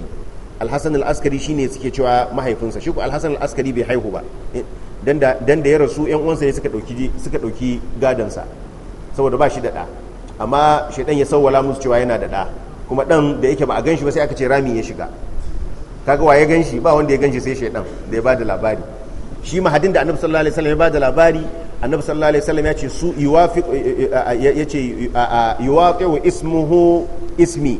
al-hassan al-askari shine suke cewa mahaifinsa shi ko al-hassan al-askari bai haihu ba dan da ya rasu yan uwansa ne suka dauki suka dauki gadan sa saboda ba shi da da amma shedan ya sawwala musu cewa yana da da kuma dan da yake ba a ganshi ba sai aka ce rami ya shiga kaga wa ya ganshi ba wanda ya ganshi sai shedan da ya ba da labari shi mahadin da annabi sallallahu alaihi wasallam ya bada labari annabi sallallahu alaihi wasallam ya ce su yuwafiq eh, eh, eh, ya ce yuwaqiu ismuhu ismi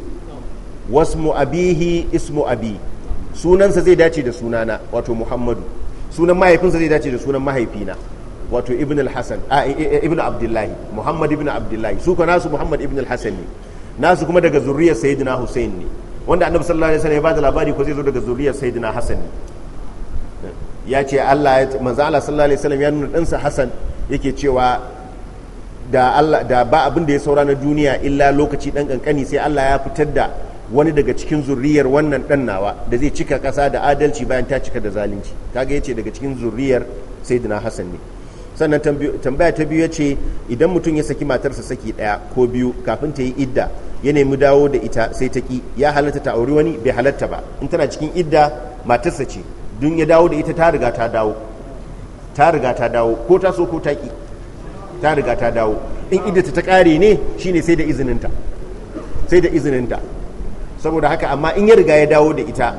wasmu abihi ismu abi sunansa zai dace da sunana wato muhammadu sunan mahaifinsa zai dace da sunan mahaifina wato ibn al-hasan ibn abdullahi muhammad ibn abdullahi su ko nasu muhammad ibn al-hasan ne nasu kuma daga zuriyar sayyidina hussein ne wanda annabi sallallahu alaihi wasallam ya bada labari ko zai zo daga zuriyar sayyidina hasan ne ya ce Allah ya manzo Allah sallallahu alaihi wasallam ya nuna ɗansa Hassan yake cewa da Allah da ba abin da ya saura na duniya illa lokaci dan kankani sai Allah ya fitar da wani daga cikin zurriyar wannan dan nawa da zai cika kasa da adalci bayan ta cika da zalunci kaga yace daga cikin zurriyar sayyidina Hassan ne sannan tambaya ta biyu yace idan mutum ya saki matarsa saki daya ko biyu kafin ta yi idda ya nemi dawo da ita sai ta ki ya halatta ta auri wani bai halatta ba in tana cikin idda matarsa ce Dun ya dawo da ita ta riga ta dawo ta riga ta dawo ko ta so ko ta ki ta riga ta dawo in idata ta kare ne shine sai da izininta sai da izininta saboda haka amma in ya riga ya dawo da ita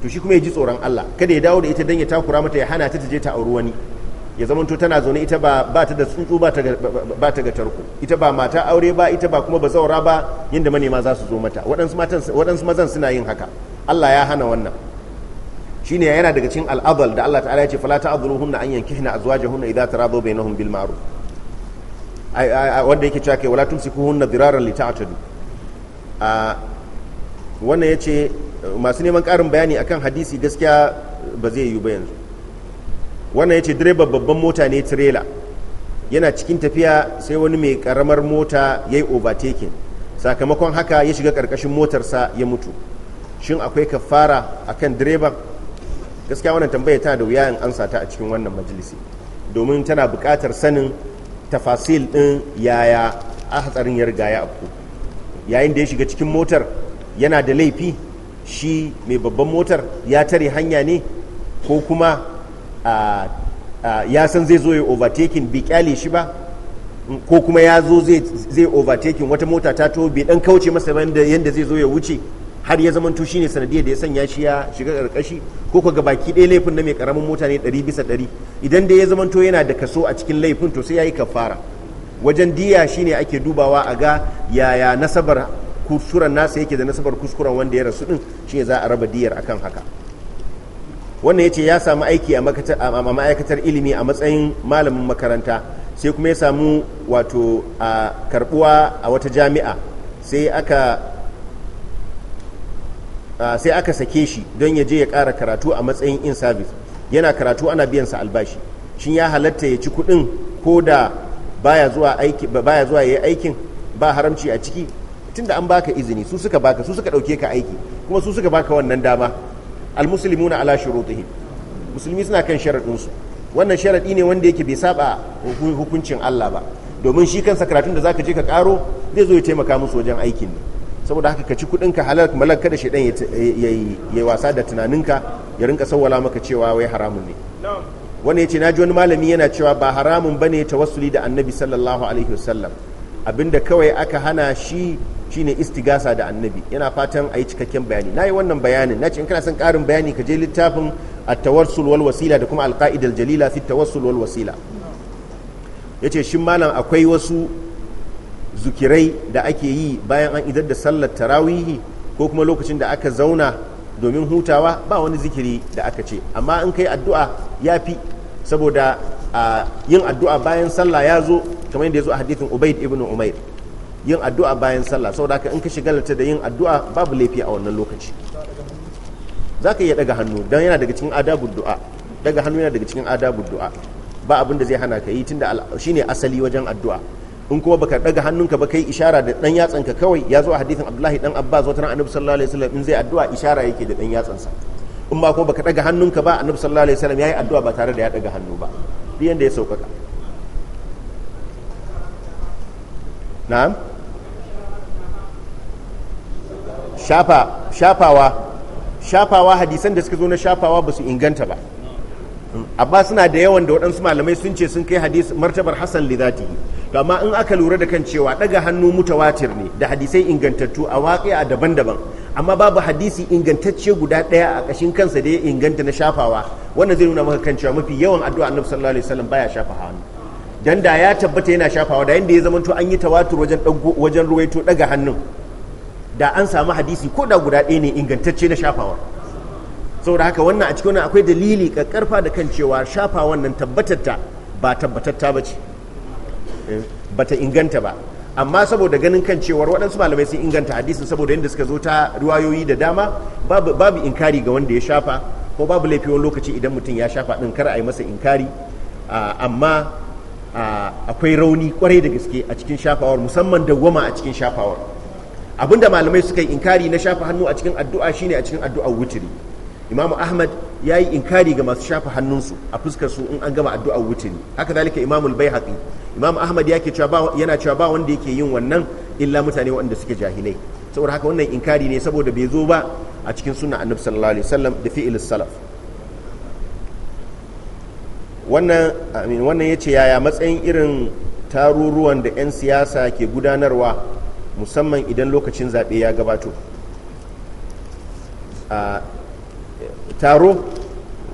to shi kuma ya ji tsoron Allah kada ya dawo da ita don ya takura mata ya hana ta ta je ta auri wani ya to tana zaune ita ba ba ta da tsuntsu ba ta ga tarko ita ba mata aure ba ita ba kuma ba zaura ba yadda manema za su zo mata waɗansu mazan suna yin haka Allah ya hana wannan shine yana daga cikin al'adal da Allah ta'ala ya ce fala hunna an yankihna azwajahunna idza taradu bainahum bil ma'ruf wanda yake cewa kai wala hunna diraran li ta'tadu a wannan yace masu neman karin bayani akan hadisi gaskiya ba zai yi ba yanzu wannan yace direban babban mota ne trela yana cikin tafiya sai wani mai karamar mota yayi overtaking sakamakon haka ya shiga karkashin motarsa ya mutu shin akwai kafara akan direban gaskiya wannan tambaya tana da wuya in ansa ta a cikin wannan majalisi domin tana buƙatar sanin tafasil ɗin yaya a hatsarin ya riga ya afku yayin da ya shiga cikin motar yana da laifi shi mai babban motar ya tare hanya ne ko kuma ya san zai zo ya overtaking bai kyale shi ba ko kuma ya zo zai overtaking wata mota ta to bai dan kauce masa yadda zai zo ya wuce har ya zamanto ne sanadiyar da ya sanya shi ya shiga karkashi ko ka ga baki ɗaya laifin na mai karamin mota ne ɗari bisa ɗari idan dai ya zamanto yana da kaso a cikin laifin to sai ya yi kafara wajen diya shi ne ake dubawa a ga yaya nasabar kuskuren nasa yake da nasabar kuskuren wanda ya rasu din ne za a raba diyar akan haka wannan ce ya samu aiki a ma'aikatar ilimi a matsayin malamin makaranta sai kuma ya samu wato a karbuwa a wata jami'a sai aka sai aka sake shi don ya je ya kara karatu a matsayin in service yana karatu ana biyan sa albashi shin ya halatta ya ci kuɗin ko da baya zuwa ya yi aikin ba haramci a ciki tunda an baka izini su suka baka su suka dauke ka aiki kuma su suka baka wannan dama na ala shurutihim musulmi suna kan sharadin su wannan sharaɗi ne wanda yake bai saba hukuncin Allah ba domin shi kansa karatun da zaka je ka karo zai zo ya taimaka musu wajen aikin ne saboda haka ka ci kudinka halal malal kada shi dan ya wasa da tunaninka ya rinka sawwala maka cewa wai haramun ne wani ya ce na ji wani malami yana cewa ba haramun bane tawassuli da annabi sallallahu alaihi wasallam abinda kawai aka hana shi shine istigasa da annabi yana fatan a yi cikakken bayani na yi wannan bayanin na ce in kana son karin bayani ka je littafin a tawassul wal wasila da kuma al jalila fi tawassul wal wasila yace shin malam akwai wasu zukirai da ake yi bayan an idar da sallar tarawihi ko kuma lokacin da aka zauna domin hutawa ba wani zikiri da aka ce amma in kai addu'a ya fi saboda yin addu'a bayan sallah ya zo kamar yadda ya zo a hadithin ubaid ibn umair yin addu'a bayan sallah saboda ka in ka shigalta da yin addu'a babu laifi a wannan lokaci za ka iya daga hannu don yana daga cikin adabun du'a daga hannu yana daga cikin adabun du'a ba abin da zai hana ka yi tunda shine asali wajen addu'a in kuma baka daga hannunka ba kai ishara da dan yatsanka kawai ya zo a hadisin abdullahi dan abbas wata annabi sallallahu alaihi wasallam in zai addu'a ishara yake da dan yatsansa in ba kuma baka daga hannunka ba annabi sallallahu alaihi wasallam yayi addu'a ba tare da ya daga hannu ba duk yanda ya saukaka na'am shafa shafawa shafawa hadisan da suka zo na shafawa ba su inganta ba amma suna da yawan da waɗansu malamai sun ce sun kai hadis martabar hasan li to amma in aka lura da kan cewa ɗaga hannu mutawatir ne da hadisai ingantattu a waƙi'a daban-daban amma babu hadisi ingantacce guda ɗaya a ƙashin kansa da ya inganta na shafawa wannan zai nuna maka kan cewa mafi yawan addu'a annabi sallallahu alaihi wasallam baya shafa hannu dan da ya tabbata yana shafawa da yanda ya zama to an yi tawatur wajen wajen ruwaito daga hannun da an samu hadisi ko da guda ɗaya ne ingantacce na shafawa. da haka wannan a cikin wannan akwai dalili karfa da kan cewa shafa wannan tabbatatta ba tabbatatta ba ce eh, ba ta inganta ba amma saboda ganin kan cewar waɗansu malamai sun inganta hadisin saboda yadda suka zo ta ruwayoyi da dama babu inkari ga wanda ya shafa ko babu laifi wani lokaci idan mutum ya shafa ɗin kar a yi masa inkari amma akwai rauni kwarai da gaske a cikin shafawar musamman dawwama a cikin shafawar abinda malamai suka yi inkari na shafa hannu a cikin addu'a shine a cikin addu'ar wutiri imamu ahmad ya yi inkari ga masu shafa hannunsu a fuskar su in an gama addu'ar wutiri haka zalika imamu bai baihaqi imamu ahmad yake yana cewa ba wanda yake yin wannan illa mutane wanda suke jahilai saboda haka wannan inkari ne saboda bai zo ba a cikin suna annabi sallallahu alaihi wasallam da fi'il salaf wannan amin wannan yace yaya matsayin irin taruruwan da 'yan siyasa ke gudanarwa musamman idan lokacin zaɓe ya gabato ah, taro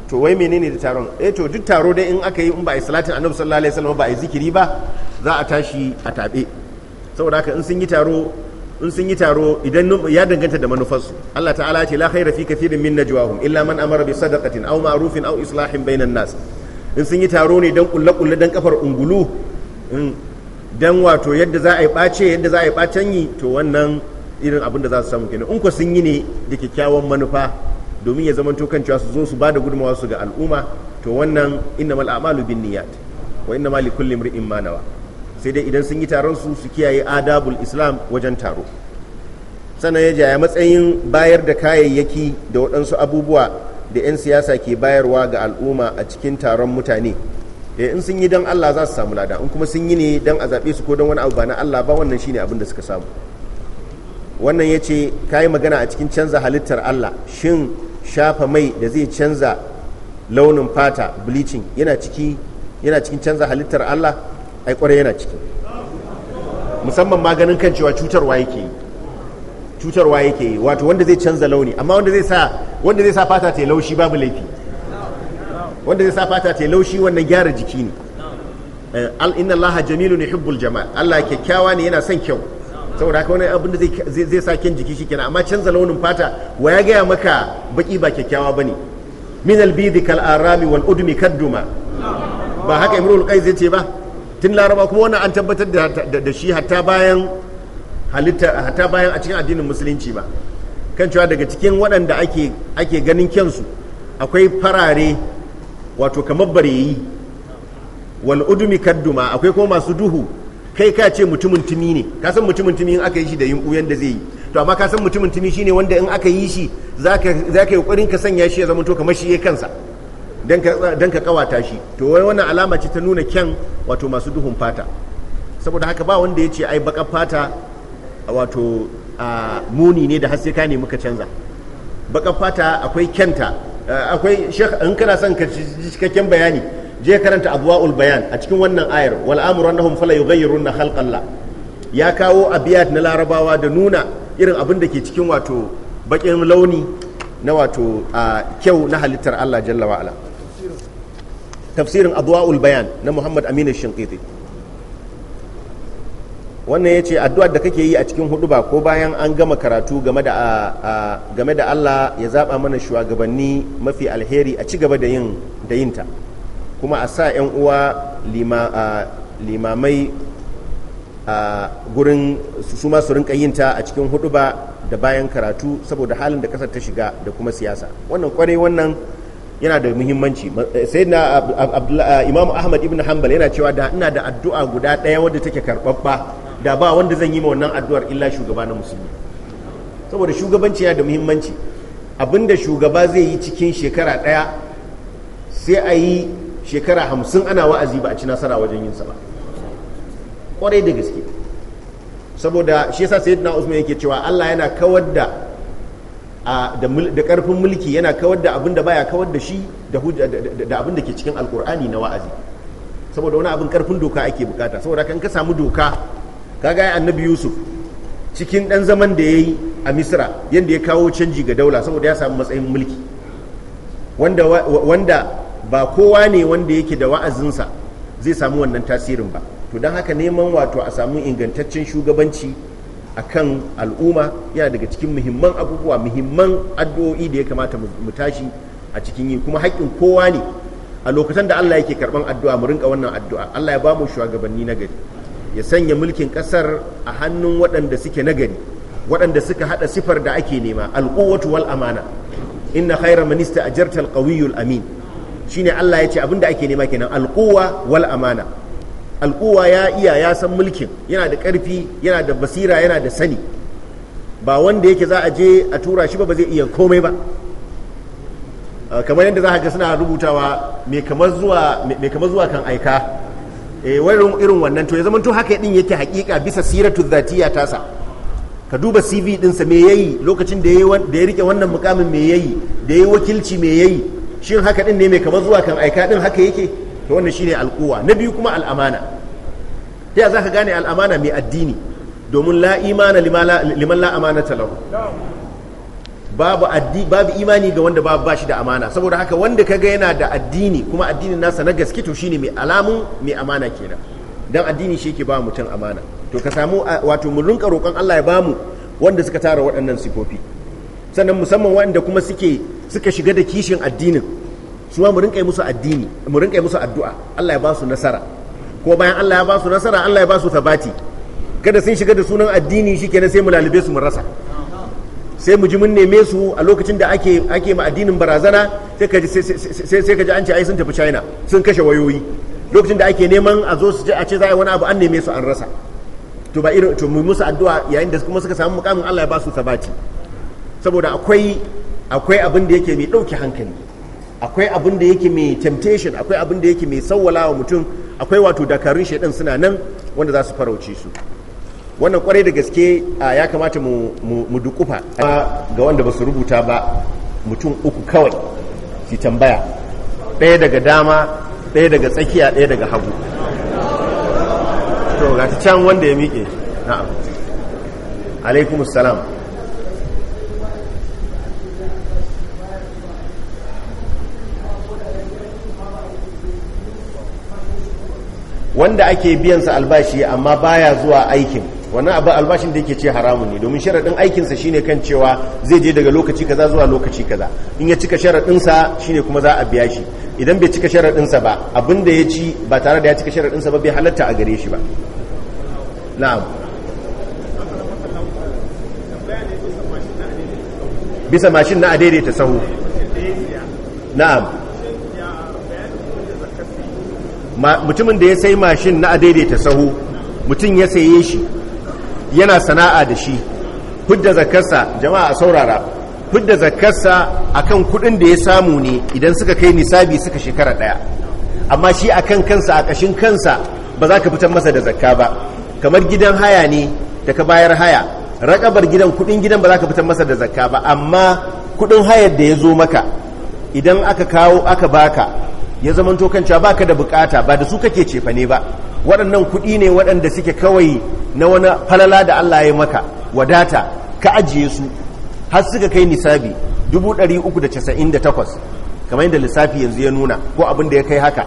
to wai menene da taron eh to duk taro dai in aka yi in ba a yi salatin annabi sallallahu alaihi wasallam ba a yi zikiri ba za a tashi a tabe saboda haka in sun yi taro in sun yi taro idan ya danganta da manufarsu Allah ta'ala ce la khaira fi kathirin min najwahum illa man amara bi sadaqatin aw ma'rufin aw islahin bainan nas in sun yi taro ne dan kulle kulle dan kafar ungulu dan wato yadda za a yi bace yadda za a yi bacen yi to wannan irin abin da za su samu kenan in ko sun yi ne da kyakkyawan manufa domin ya zama tokan cewa su zo su bada gudunmawa su ga al'umma to wannan mal a'malu bin niyyat wa innamal kulli imrin ma nawa sai dai idan sun yi taron su su kiyaye adabul islam wajen taro sannan ya jaya matsayin bayar da kayayyaki da waɗansu abubuwa da 'yan siyasa ke bayarwa ga al'umma a cikin taron mutane eh, in sun yi don Allah za su samu lada in kuma sun yi ne don a zaɓe su ko don wani abu ba na Allah ba wannan shine abin da suka samu wannan ya ce ka yi magana a cikin canza halittar Allah shin shafa mai da zai canza launin fata bleaching yana ciki yana cikin canza halittar Allah ai kware yana ciki musamman maganin kan cewa cutarwa yake yi cutarwa yake yi wato wanda zai canza launi amma wanda zai sa wanda zai sa fata ta laushi babu laifi wanda zai sa fata ta laushi wannan gyara jiki ne eh, al inna allaha jamilun yuhibbul jamal Allah kyakkyawa ne yana son kyau saboda haka wani abin da zai sa kyan jiki shikenan amma canza launin fata wa ya gaya maka baki ba kyakkyawa bane min albidi kal arami wal udmi kadduma ba haka imrul qais zai ce ba tun laraba kuma wannan an tabbatar da shi hatta bayan halitta hatta bayan a cikin addinin musulunci ba kan cewa daga cikin waɗanda ake ake ganin kyansu akwai farare wato kamar bareyi wal udmi kadduma akwai kuma masu duhu kai ka ce mutumin tumi ne ka san mutumin tumi in aka yi shi da yunku da zai yi to amma ka san mutumin tumi shine wanda in aka yi shi za ka yi kokarin ka sanya shi ya zama to kamar shi ya kansa don ka kawata shi to wai wannan alama ce ta nuna kyan wato masu duhun fata saboda haka ba wanda ya ce ai baka fata wato muni ne da har sai ka nemi ka canza baka fata akwai kyanta akwai shekara in kana son ka cikakken bayani je karanta adwaul bayan a cikin wannan ayar wal amru annahum fala yughayyirunna khalqalla ya kawo abiyat na larabawa da nuna irin abin da ke cikin wato bakin launi na wato kyau na halittar Allah jalla wa ala tafsirin adwaul bayan na Muhammad Aminu Shinqiti wannan ya ce addu'ar da kake yi a cikin ba ko bayan an gama karatu game da Allah ya zaba mana shugabanni mafi alheri a ci gaba da yin da yinta kuma a sa 'yan uwa limamai a gurin su ma su rinka yin ta a cikin huduba da bayan karatu saboda halin da kasar ta shiga da kuma siyasa wannan kwarai wannan yana da muhimmanci sai na imamu ahmad ibn hanbal yana cewa da ina da addu'a guda ɗaya wadda take karɓaɓɓa da ba wanda zan yi ma wannan addu'ar illa shugaba na musulmi saboda shugabanci yana da muhimmanci abinda shugaba zai yi cikin shekara ɗaya sai a yi shekara hamsin ana wa'azi ba a ci nasara wajen yin sa ba kwarai da gaske saboda shi yasa na usman yake cewa Allah yana kawar da da karfin mulki yana kawar da abin da baya kawar da shi da abin da ke cikin alkur'ani na wa'azi saboda wani abin karfin doka ake bukata saboda kan ka samu doka gaya annabi yusuf cikin dan zaman da ya yi a misra yadda ya kawo canji ga daula saboda ya samu matsayin mulki wanda ba kowa ne wanda yake da wa'azinsa zai samu wannan tasirin ba to don haka neman wato a samu ingantaccen shugabanci a kan al'umma yana daga cikin muhimman abubuwa muhimman addu'o'i da ya kamata mu tashi a cikin yi kuma haƙƙin kowa ne a lokacin da Allah yake karɓan addu'a mu rinka wannan addu'a Allah ya bamu shugabanni nagari ya sanya mulkin ƙasar a hannun waɗanda suke nagari gari waɗanda suka haɗa sifar da ake nema aluwatu wal amana inna khayra minista ajartal qawiyul amin shine Allah ya ce abinda ake nema kenan Alƙuwa wal amana alkuwa ya iya ya san mulkin yana da ƙarfi yana da basira yana da sani ba wanda yake za a je a tura shi ba ba zai iya komai ba ah, kamar yadda za ga suna rubutawa mai kamar zuwa kan aika eh, wani irin wannan to ya zama to haka din yake hakika bisa siratu zatiya tasa ka duba cv dinsa me yayi lokacin da ya rike wannan mukamin me yayi da ya wakilci me yayi shin haka din ne mai kamar zuwa kan aika din haka yake to wannan shine alquwa na biyu kuma al'amana ta za zaka gane al'amana mai addini domin la imana liman la amanata lahu babu babu imani ga wanda babu bashi da amana saboda haka wanda ka ga yana da addini kuma addinin nasa na gaske to shine mai alamun mai amana kenan dan addini shi yake ba mutum amana to ka samu wato mu rinka roƙon Allah ya bamu wanda suka tara waɗannan sifofi sannan musamman waɗanda kuma suke suka shiga da kishin addinin su ma mu rinka musu addini murinka musu addu'a Allah ya ba su nasara ko bayan Allah ya ba su nasara Allah ya ba su tabati kada sun shiga da sunan addini shikenan sai mu lalube su mu rasa sai mu ji mun neme su a lokacin da ake ake ma addinin barazana sai ka ji sai ka ji an ce ai sun tafi China sun kashe wayoyi lokacin da ake neman a zo su je a ce za a yi wani abu an neme su an rasa to ba irin to mu musu addu'a yayin da kuma suka samu mukamin Allah ya ba su sabati saboda akwai akwai abin da yake mai ɗauke hankali akwai abin da yake mai temptation akwai abin da yake mai sawwala wa mutum akwai wato dakarun shaidan suna nan wanda za su farauce su wannan kwarai da gaske ya kamata mu dukufa ga wanda ba su rubuta ba mutum uku kawai su tambaya ɗaya daga dama ɗaya daga tsakiya ɗaya daga hagu to ga can wanda ya miƙe na'am alaikumus salam wanda ake biyansa albashi amma baya zuwa aikin wannan abin albashin da yake ce haramun ne domin sharaɗin aikinsa shine kan cewa zai je daga lokaci kaza zuwa lokaci kaza in ya cika sharaɗinsa shine kuma za a biya shi idan bai cika sharaɗinsa ba abin da ya ci ba tare da ya cika sharaɗinsa ba bai halatta a gare shi ba na'am bisa mashin na adaidaita sahu na'am mutumin da ya sai mashin na adaidaita sahu mutum ya saye shi yana sana'a da shi hudda zakarsa jama'a saurara hudda zakarsa akan kudin da ya samu ne idan suka kai nisabi suka shekara daya amma shi akan kansa a kashin kansa ba za ka fitar masa da zakka ba kamar gidan haya ne da ka bayar haya rakabar gidan kudin gidan ba za ka fitar masa da zakka ba amma kudin hayar da ya zo maka idan aka kawo aka baka ya zama tokanci ba ka da bukata ba da su kake cefane ba waɗannan kuɗi ne waɗanda suke kawai na wani falala da Allah ya maka wadata ka ajiye su har suka kai nisabi 398 kamar yadda lissafi yanzu ya nuna ko abin da ya kai haka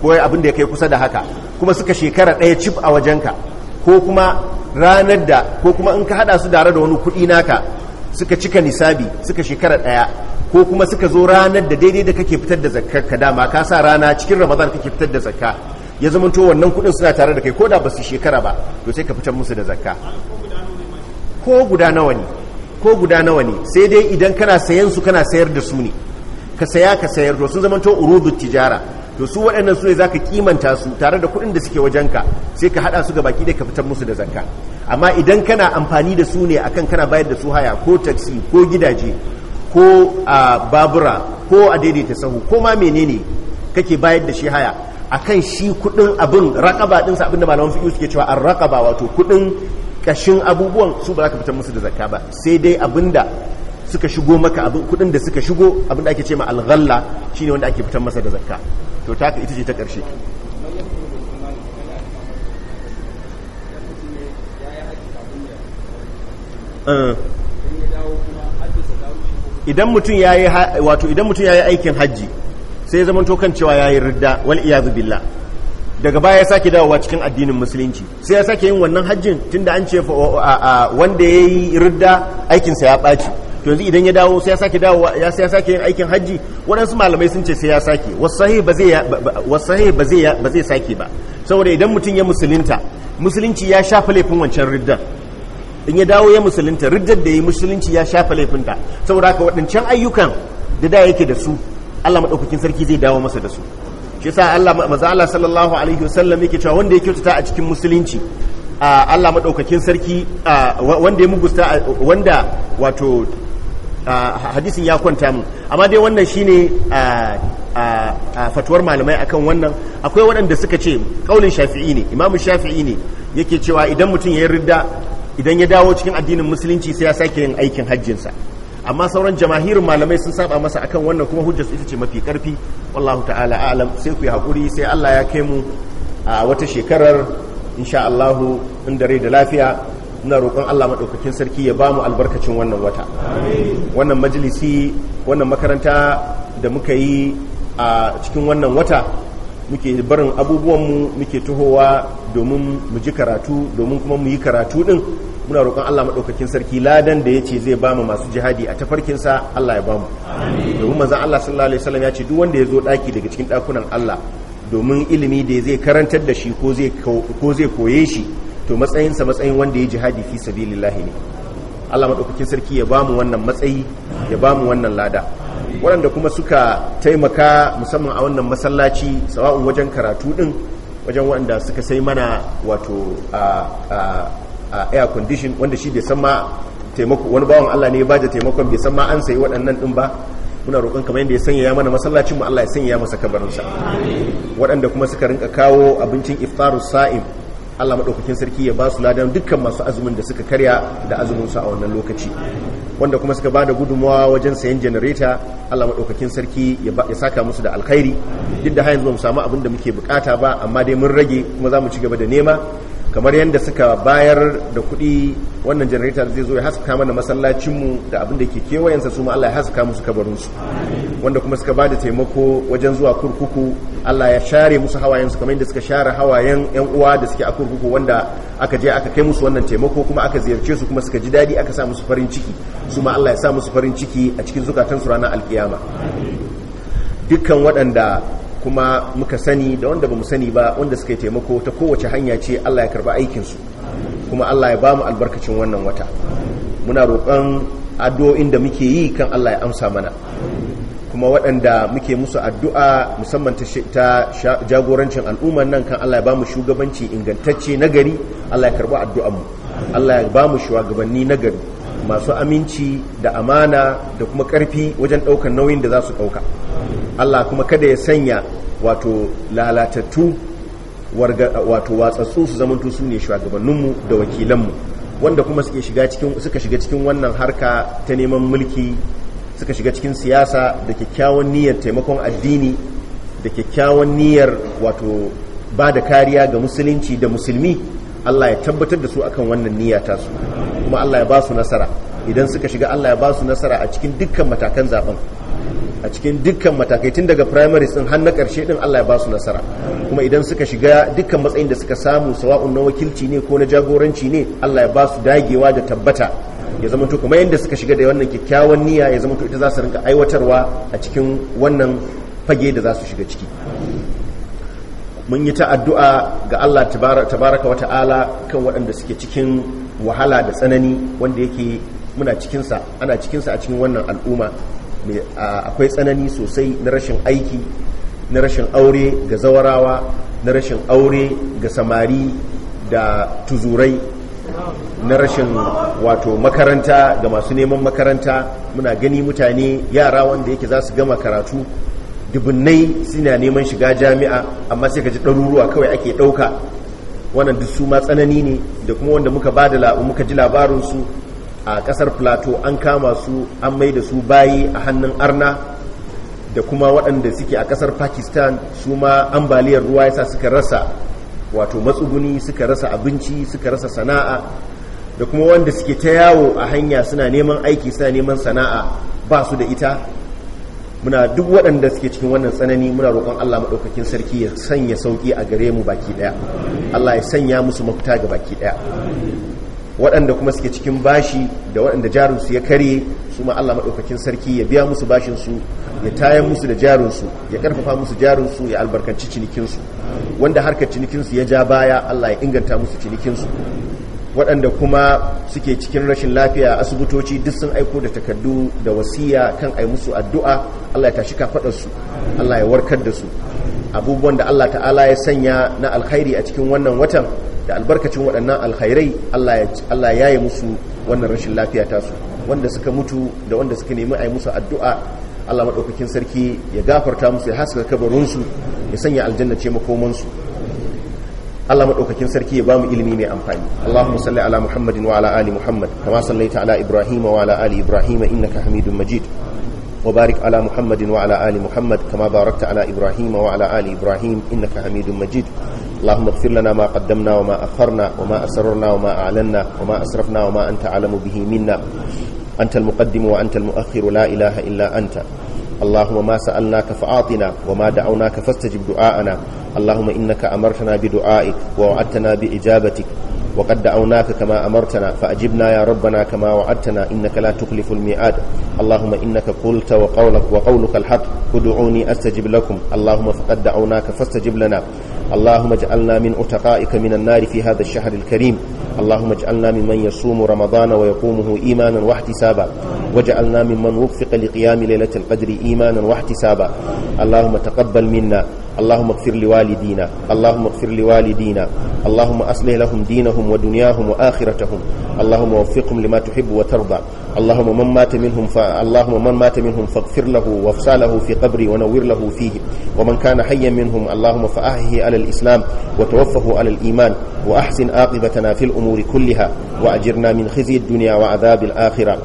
ko abin da ya kai kusa da haka kuma suka shekara ɗaya cif a wajenka ko kuma ranar da ko kuma in ka haɗa su dare da wani kuɗi naka suka cika nisabi suka shekara ɗaya ko kuma suka zo ranar da daidai da kake fitar da zakar ka dama ka sa rana cikin ramadan kake fitar da zakka ya zama to wannan kudin suna tare da kai ko da ba shekara ba to sai ka fitar musu da zakka ko guda nawa ne ko guda nawa ne sai dai idan kana sayan su kana sayar da su ne ka saya ka sayar to sun zama to urudu tijara to su waɗannan su ne zaka kimanta su tare da kuɗin da suke wajen ka sai ka hada su ga baki dai ka fitar musu da zakka amma idan kana amfani da su ne akan kana bayar da su haya ko taxi ko gidaje ko a babura ko a daidaita sahu ko ma menene kake bayar da shi haya a kan shi kudin abin rakaba din sa abinda malaman fiye suke cewa an rakaba wato kudin kashin abubuwan su ba za ka fitar musu da zakka ba sai dai abinda suka shigo maka abin kudin da suka shigo abinda ake ce ma alghalla shine wanda ake fitar masa da zakka to taka ita ce ta karshe eh. idan mutum ya yi wato idan mutum ya yi aikin hajji sai ya zamanto kan cewa ya yi ridda wal iyazu billah daga baya ya sake dawowa cikin addinin musulunci sai ya sake yin wannan hajjin tunda an ce wanda ya yi ridda aikinsa ya ɓaci to yanzu idan ya dawo sai ya sake dawowa ya sai ya sake yin aikin hajji waɗansu malamai sun ce sai ya sake wasahi ba zai ba zai sake ba saboda idan mutum ya musulunta musulunci ya shafa laifin wancan riddan. in ya dawo ya musulunta riddar da ya musulunci ya shafa laifinta saboda haka waɗancan ayyukan da da yake da su Allah maɗaukakin sarki zai dawo masa da su shi yasa Allah maza Allah sallallahu alaihi wasallam yake cewa wanda ya kyautata a cikin musulunci Allah maɗaukakin sarki wanda ya mugusta wanda wato hadisin ya kwanta mu amma dai wannan shine fatuwar malamai akan wannan akwai waɗanda suka ce kaulin shafi'i ne imamu shafi'i ne yake cewa idan mutum ya yi ridda idan ya dawo cikin addinin musulunci sai ya sake yin aikin hajjinsa amma sauran jamahirin malamai sun saba masa akan wannan kuma hujjar ita ce mafi karfi wallahu ta'ala alam sai ku yi hakuri sai Allah ya kai mu a wata shekarar insha Allah inda rai da lafiya ina roƙon Allah madaukakin sarki ya ba mu albarkacin wannan wata wannan majalisi wannan makaranta da muka yi a cikin wannan wata muke barin abubuwanmu muke tuhowa domin mu ji karatu domin kuma mu yi karatu din muna roƙon Allah maɗaukakin sarki ladan da ya ce zai mu masu jihadi a tafarkinsa Allah ya bamu domin manzon Allah sallallahu alaihi wasallam ya ce duk wanda ya zo ɗaki daga cikin ɗakunan Allah domin ilimi da zai karantar da shi ko zai koye shi to matsayinsa matsayin wanda ya jihadi fi sabilillahi ne Allah maɗaukakin sarki ya ba mu wannan matsayi ya ba mu wannan lada waɗanda kuma suka taimaka musamman a wannan masallaci sawa'un wajen karatu ɗin wajen waɗanda suka sai mana wato a air condition wanda shi bai san taimako wani bawan Allah ne ya bada taimakon bai san ma an sayi waɗannan ɗin ba muna roƙon kamar yadda ya sanya ya mana masallacin mu Allah ya sanya masa kabarinsa waɗanda kuma suka rinka kawo abincin iftarus sa'im Allah maɗaukakin sarki ya ba su ladan dukkan masu azumin da suka karya da azumin su a wannan lokaci wanda kuma suka ba da gudunmawa wajen sayan janareta Allah maɗaukakin sarki ya saka musu da alkhairi duk da har zuwa mu samu abin da muke bukata ba amma dai mun rage kuma za mu ci gaba da nema kamar yadda suka bayar da kuɗi wannan janareta zai zo ya haska mana masallacinmu da abin da ke kewayensa su ma Allah ya haska musu kabarinsu wanda kuma suka ba da taimako wajen zuwa kurkuku Allah ya share musu hawayensu kamar yadda suka share hawayen yan uwa da suke a kurkuku wanda aka je aka kai musu wannan taimako kuma aka ziyarce su kuma suka ji daɗi aka sa musu farin ciki su Allah ya sa musu farin ciki a cikin zukatansu ranar alkiyama dukkan waɗanda kuma muka sani da wanda ba mu sani ba wanda suka yi taimako ta kowace hanya ce Allah ya karba aikinsu kuma Allah ya bamu albarkacin wannan wata muna roƙon addu'o'in da muke yi kan Allah ya amsa mana kuma waɗanda muke musu addu'a musamman ta jagorancin al'umman nan kan Allah ya bamu shugabanci ingantacce nagari Allah ya karɓi addu'anmu Allah ya bamu shugabanni nagari masu aminci da amana da kuma ƙarfi wajen ɗaukar nauyin da za su ɗauka Allah kuma kada ya sanya wato lalatattu wato watsatsu su zamanto su ne shugabanninmu da wakilanmu wanda kuma suke shiga cikin suka shiga cikin wannan harka ta neman mulki suka shiga cikin siyasa da kyakkyawan niyyar taimakon addini da kyakkyawan niyyar wato ba da kariya ga musulunci da musulmi Allah ya tabbatar da su akan wannan niyya ta su kuma Allah ya ba su nasara idan suka shiga Allah ya ba su nasara a cikin dukkan matakan zaben a cikin dukkan matakai tun daga primary sun har na karshe din Allah ya ba su nasara kuma idan suka shiga dukkan matsayin da suka samu sawa'un na wakilci ne ko na jagoranci ne Allah ya ba su dagewa da tabbata ya zama to kuma yadda suka shiga da wannan kyakkyawan niyya ya zama to ita za su rinka aiwatarwa a cikin wannan fage da za su shiga ciki mun yi ta addu'a ga Allah tabaraka wa ta'ala kan waɗanda suke cikin wahala da tsanani wanda yake muna cikinsa ana cikinsa a cikin wannan al'umma akwai tsanani sosai na rashin aiki na rashin aure ga zawarawa na rashin aure ga samari da tuzurai na rashin wato makaranta ga masu neman makaranta muna gani mutane yara wanda yake za su gama karatu dubunnai suna neman shiga jami'a amma sai ka ji ɗaruruwa kawai ake ɗauka wannan duk su ma tsanani ne da kuma wanda muka ba da muka ji labarinsu a kasar plateau an kama su an mai da su bayi a hannun arna da kuma waɗanda suke a kasar pakistan su ma ambaliyar ruwa yasa suka rasa wato matsuguni suka rasa abinci suka rasa sana'a da kuma wanda suke ta yawo a hanya suna neman aiki suna neman sana'a ba su da ita muna duk waɗanda suke cikin wannan tsanani muna roƙon Allah maɗaukakin sarki ya sanya sauƙi a gare mu baki ɗaya Allah ya sanya musu mafita ga baki ɗaya waɗanda kuma suke cikin bashi da waɗanda jarinsu ya kare su ma Allah maɗaukakin sarki ya biya musu bashinsu ya tayan musu da jarinsu ya ƙarfafa musu jarinsu ya albarkanci cinikinsu wanda harkar cinikinsu ya ja baya Allah ya inganta musu cinikinsu waɗanda kuma suke cikin rashin lafiya a asibitoci duk sun aiko da takardu da wasiya kan ai musu addu'a Allah ya tashi su. Allah ya warkar da su abubuwan da Allah ta'ala ya sanya na alkhairi a cikin wannan watan da albarkacin waɗannan alkhairai Allah ya yi musu wannan rashin lafiya tasu wanda suka mutu da wanda suka nemi a yi musu addu'a Allah maɗaukakin sarki ya gafarta musu ya haska kabarinsu ya sanya aljanna ce makomansu Allah maɗaukakin sarki ya ba mu ilimi mai amfani Allahumma salli ala Muhammadin wa ala ali Muhammad kama sallaita ala Ibrahim wa ala ali Ibrahim innaka Hamidum Majid وبارك على محمد وعلى آل محمد كما باركت على إبراهيم وعلى آل إبراهيم إنك حميد مجيد اللهم اغفر لنا ما قدمنا وما أخرنا وما أسررنا وما أعلنا وما أسرفنا وما أنت أعلم به منا أنت المقدم وأنت المؤخر لا إله إلا أنت اللهم ما سألناك فأعطنا وما دعوناك فاستجب دعاءنا اللهم إنك أمرتنا بدعائك ووعدتنا بإجابتك وقد دعوناك كما أمرتنا فأجبنا يا ربنا كما وعدتنا إنك لا تخلف الميعاد اللهم إنك قلت وقولك وقولك الحق ادعوني أستجب لكم اللهم فقد دعوناك فاستجب لنا اللهم اجعلنا من أتقائك من النار في هذا الشهر الكريم اللهم اجعلنا ممن يصوم رمضان ويقومه إيمانا واحتسابا واجعلنا ممن وفق لقيام ليلة القدر إيمانا واحتسابا اللهم تقبل منا اللهم اغفر لوالدينا اللهم اغفر لوالدينا اللهم أصلح لهم دينهم ودنياهم وآخرتهم اللهم وفقهم لما تحب وترضى اللهم من مات منهم ف... اللهم من مات منهم فاغفر له وافساله في قبري ونور له فيه ومن كان حيا منهم اللهم فأهه على الإسلام وتوفه على الإيمان وأحسن عاقبتنا في الأمور كلها وأجرنا من خزي الدنيا وعذاب الآخرة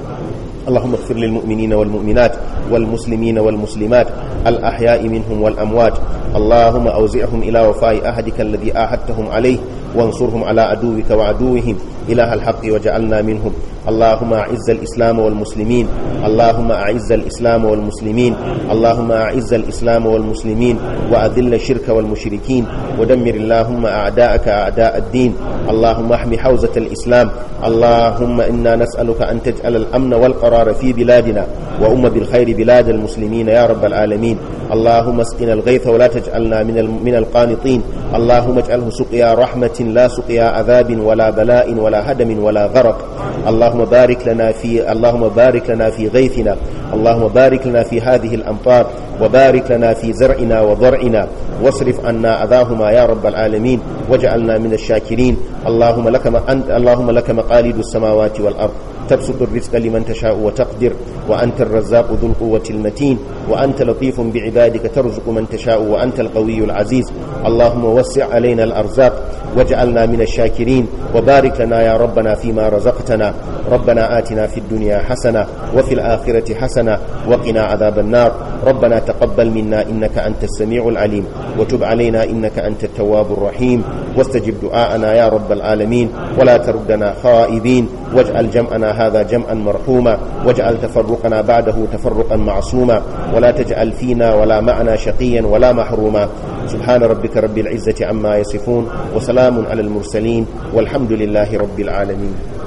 اللهم اغفر للمؤمنين والمؤمنات والمسلمين والمسلمات الأحياء منهم والأموات اللهم أوزعهم إلى وفاء أهدك الذي آهدتهم عليه وانصرهم على عدوك وعدوهم إله الحق وجعلنا منهم اللهم أعز الإسلام والمسلمين اللهم أعز الإسلام والمسلمين اللهم أعز الإسلام والمسلمين وأذل الشرك والمشركين ودمر اللهم أعداءك أعداء الدين اللهم احمي حوزة الإسلام اللهم إنا نسألك أن تجعل الأمن والقرار في بلادنا وأم بالخير بلاد المسلمين يا رب العالمين اللهم اسقنا الغيث ولا تجعلنا من من القانطين اللهم اجعله سقيا رحمة لا سقيا عذاب ولا بلاء ولا هدم ولا غرق اللهم اللهم بارك لنا في اللهم بارك لنا في غيثنا اللهم بارك لنا في هذه الأمطار وبارك لنا في زرعنا وضرعنا واصرف عنا أذاهما يا رب العالمين واجعلنا من الشاكرين اللهم لك, ما أنت اللهم لك مقاليد السماوات والأرض تبسط الرزق لمن تشاء وتقدر وأنت الرزاق ذو القوة المتين وأنت لطيف بعبادك ترزق من تشاء وأنت القوي العزيز اللهم وسع علينا الأرزاق واجعلنا من الشاكرين وبارك لنا يا ربنا فيما رزقتنا ربنا آتنا في الدنيا حسنة وفي الآخرة حسنة وقنا عذاب النار ربنا تقبل منا إنك أنت السميع العليم وتب علينا إنك أنت التواب الرحيم واستجب دعاءنا يا رب العالمين ولا تردنا خائبين واجعل جمعنا هذا جمعا مرحوما واجعل تفرقنا بعده تفرقا معصوما ولا تجعل فينا ولا معنا شقيا ولا محروما سبحان ربك رب العزة عما يصفون وسلام على المرسلين والحمد لله رب العالمين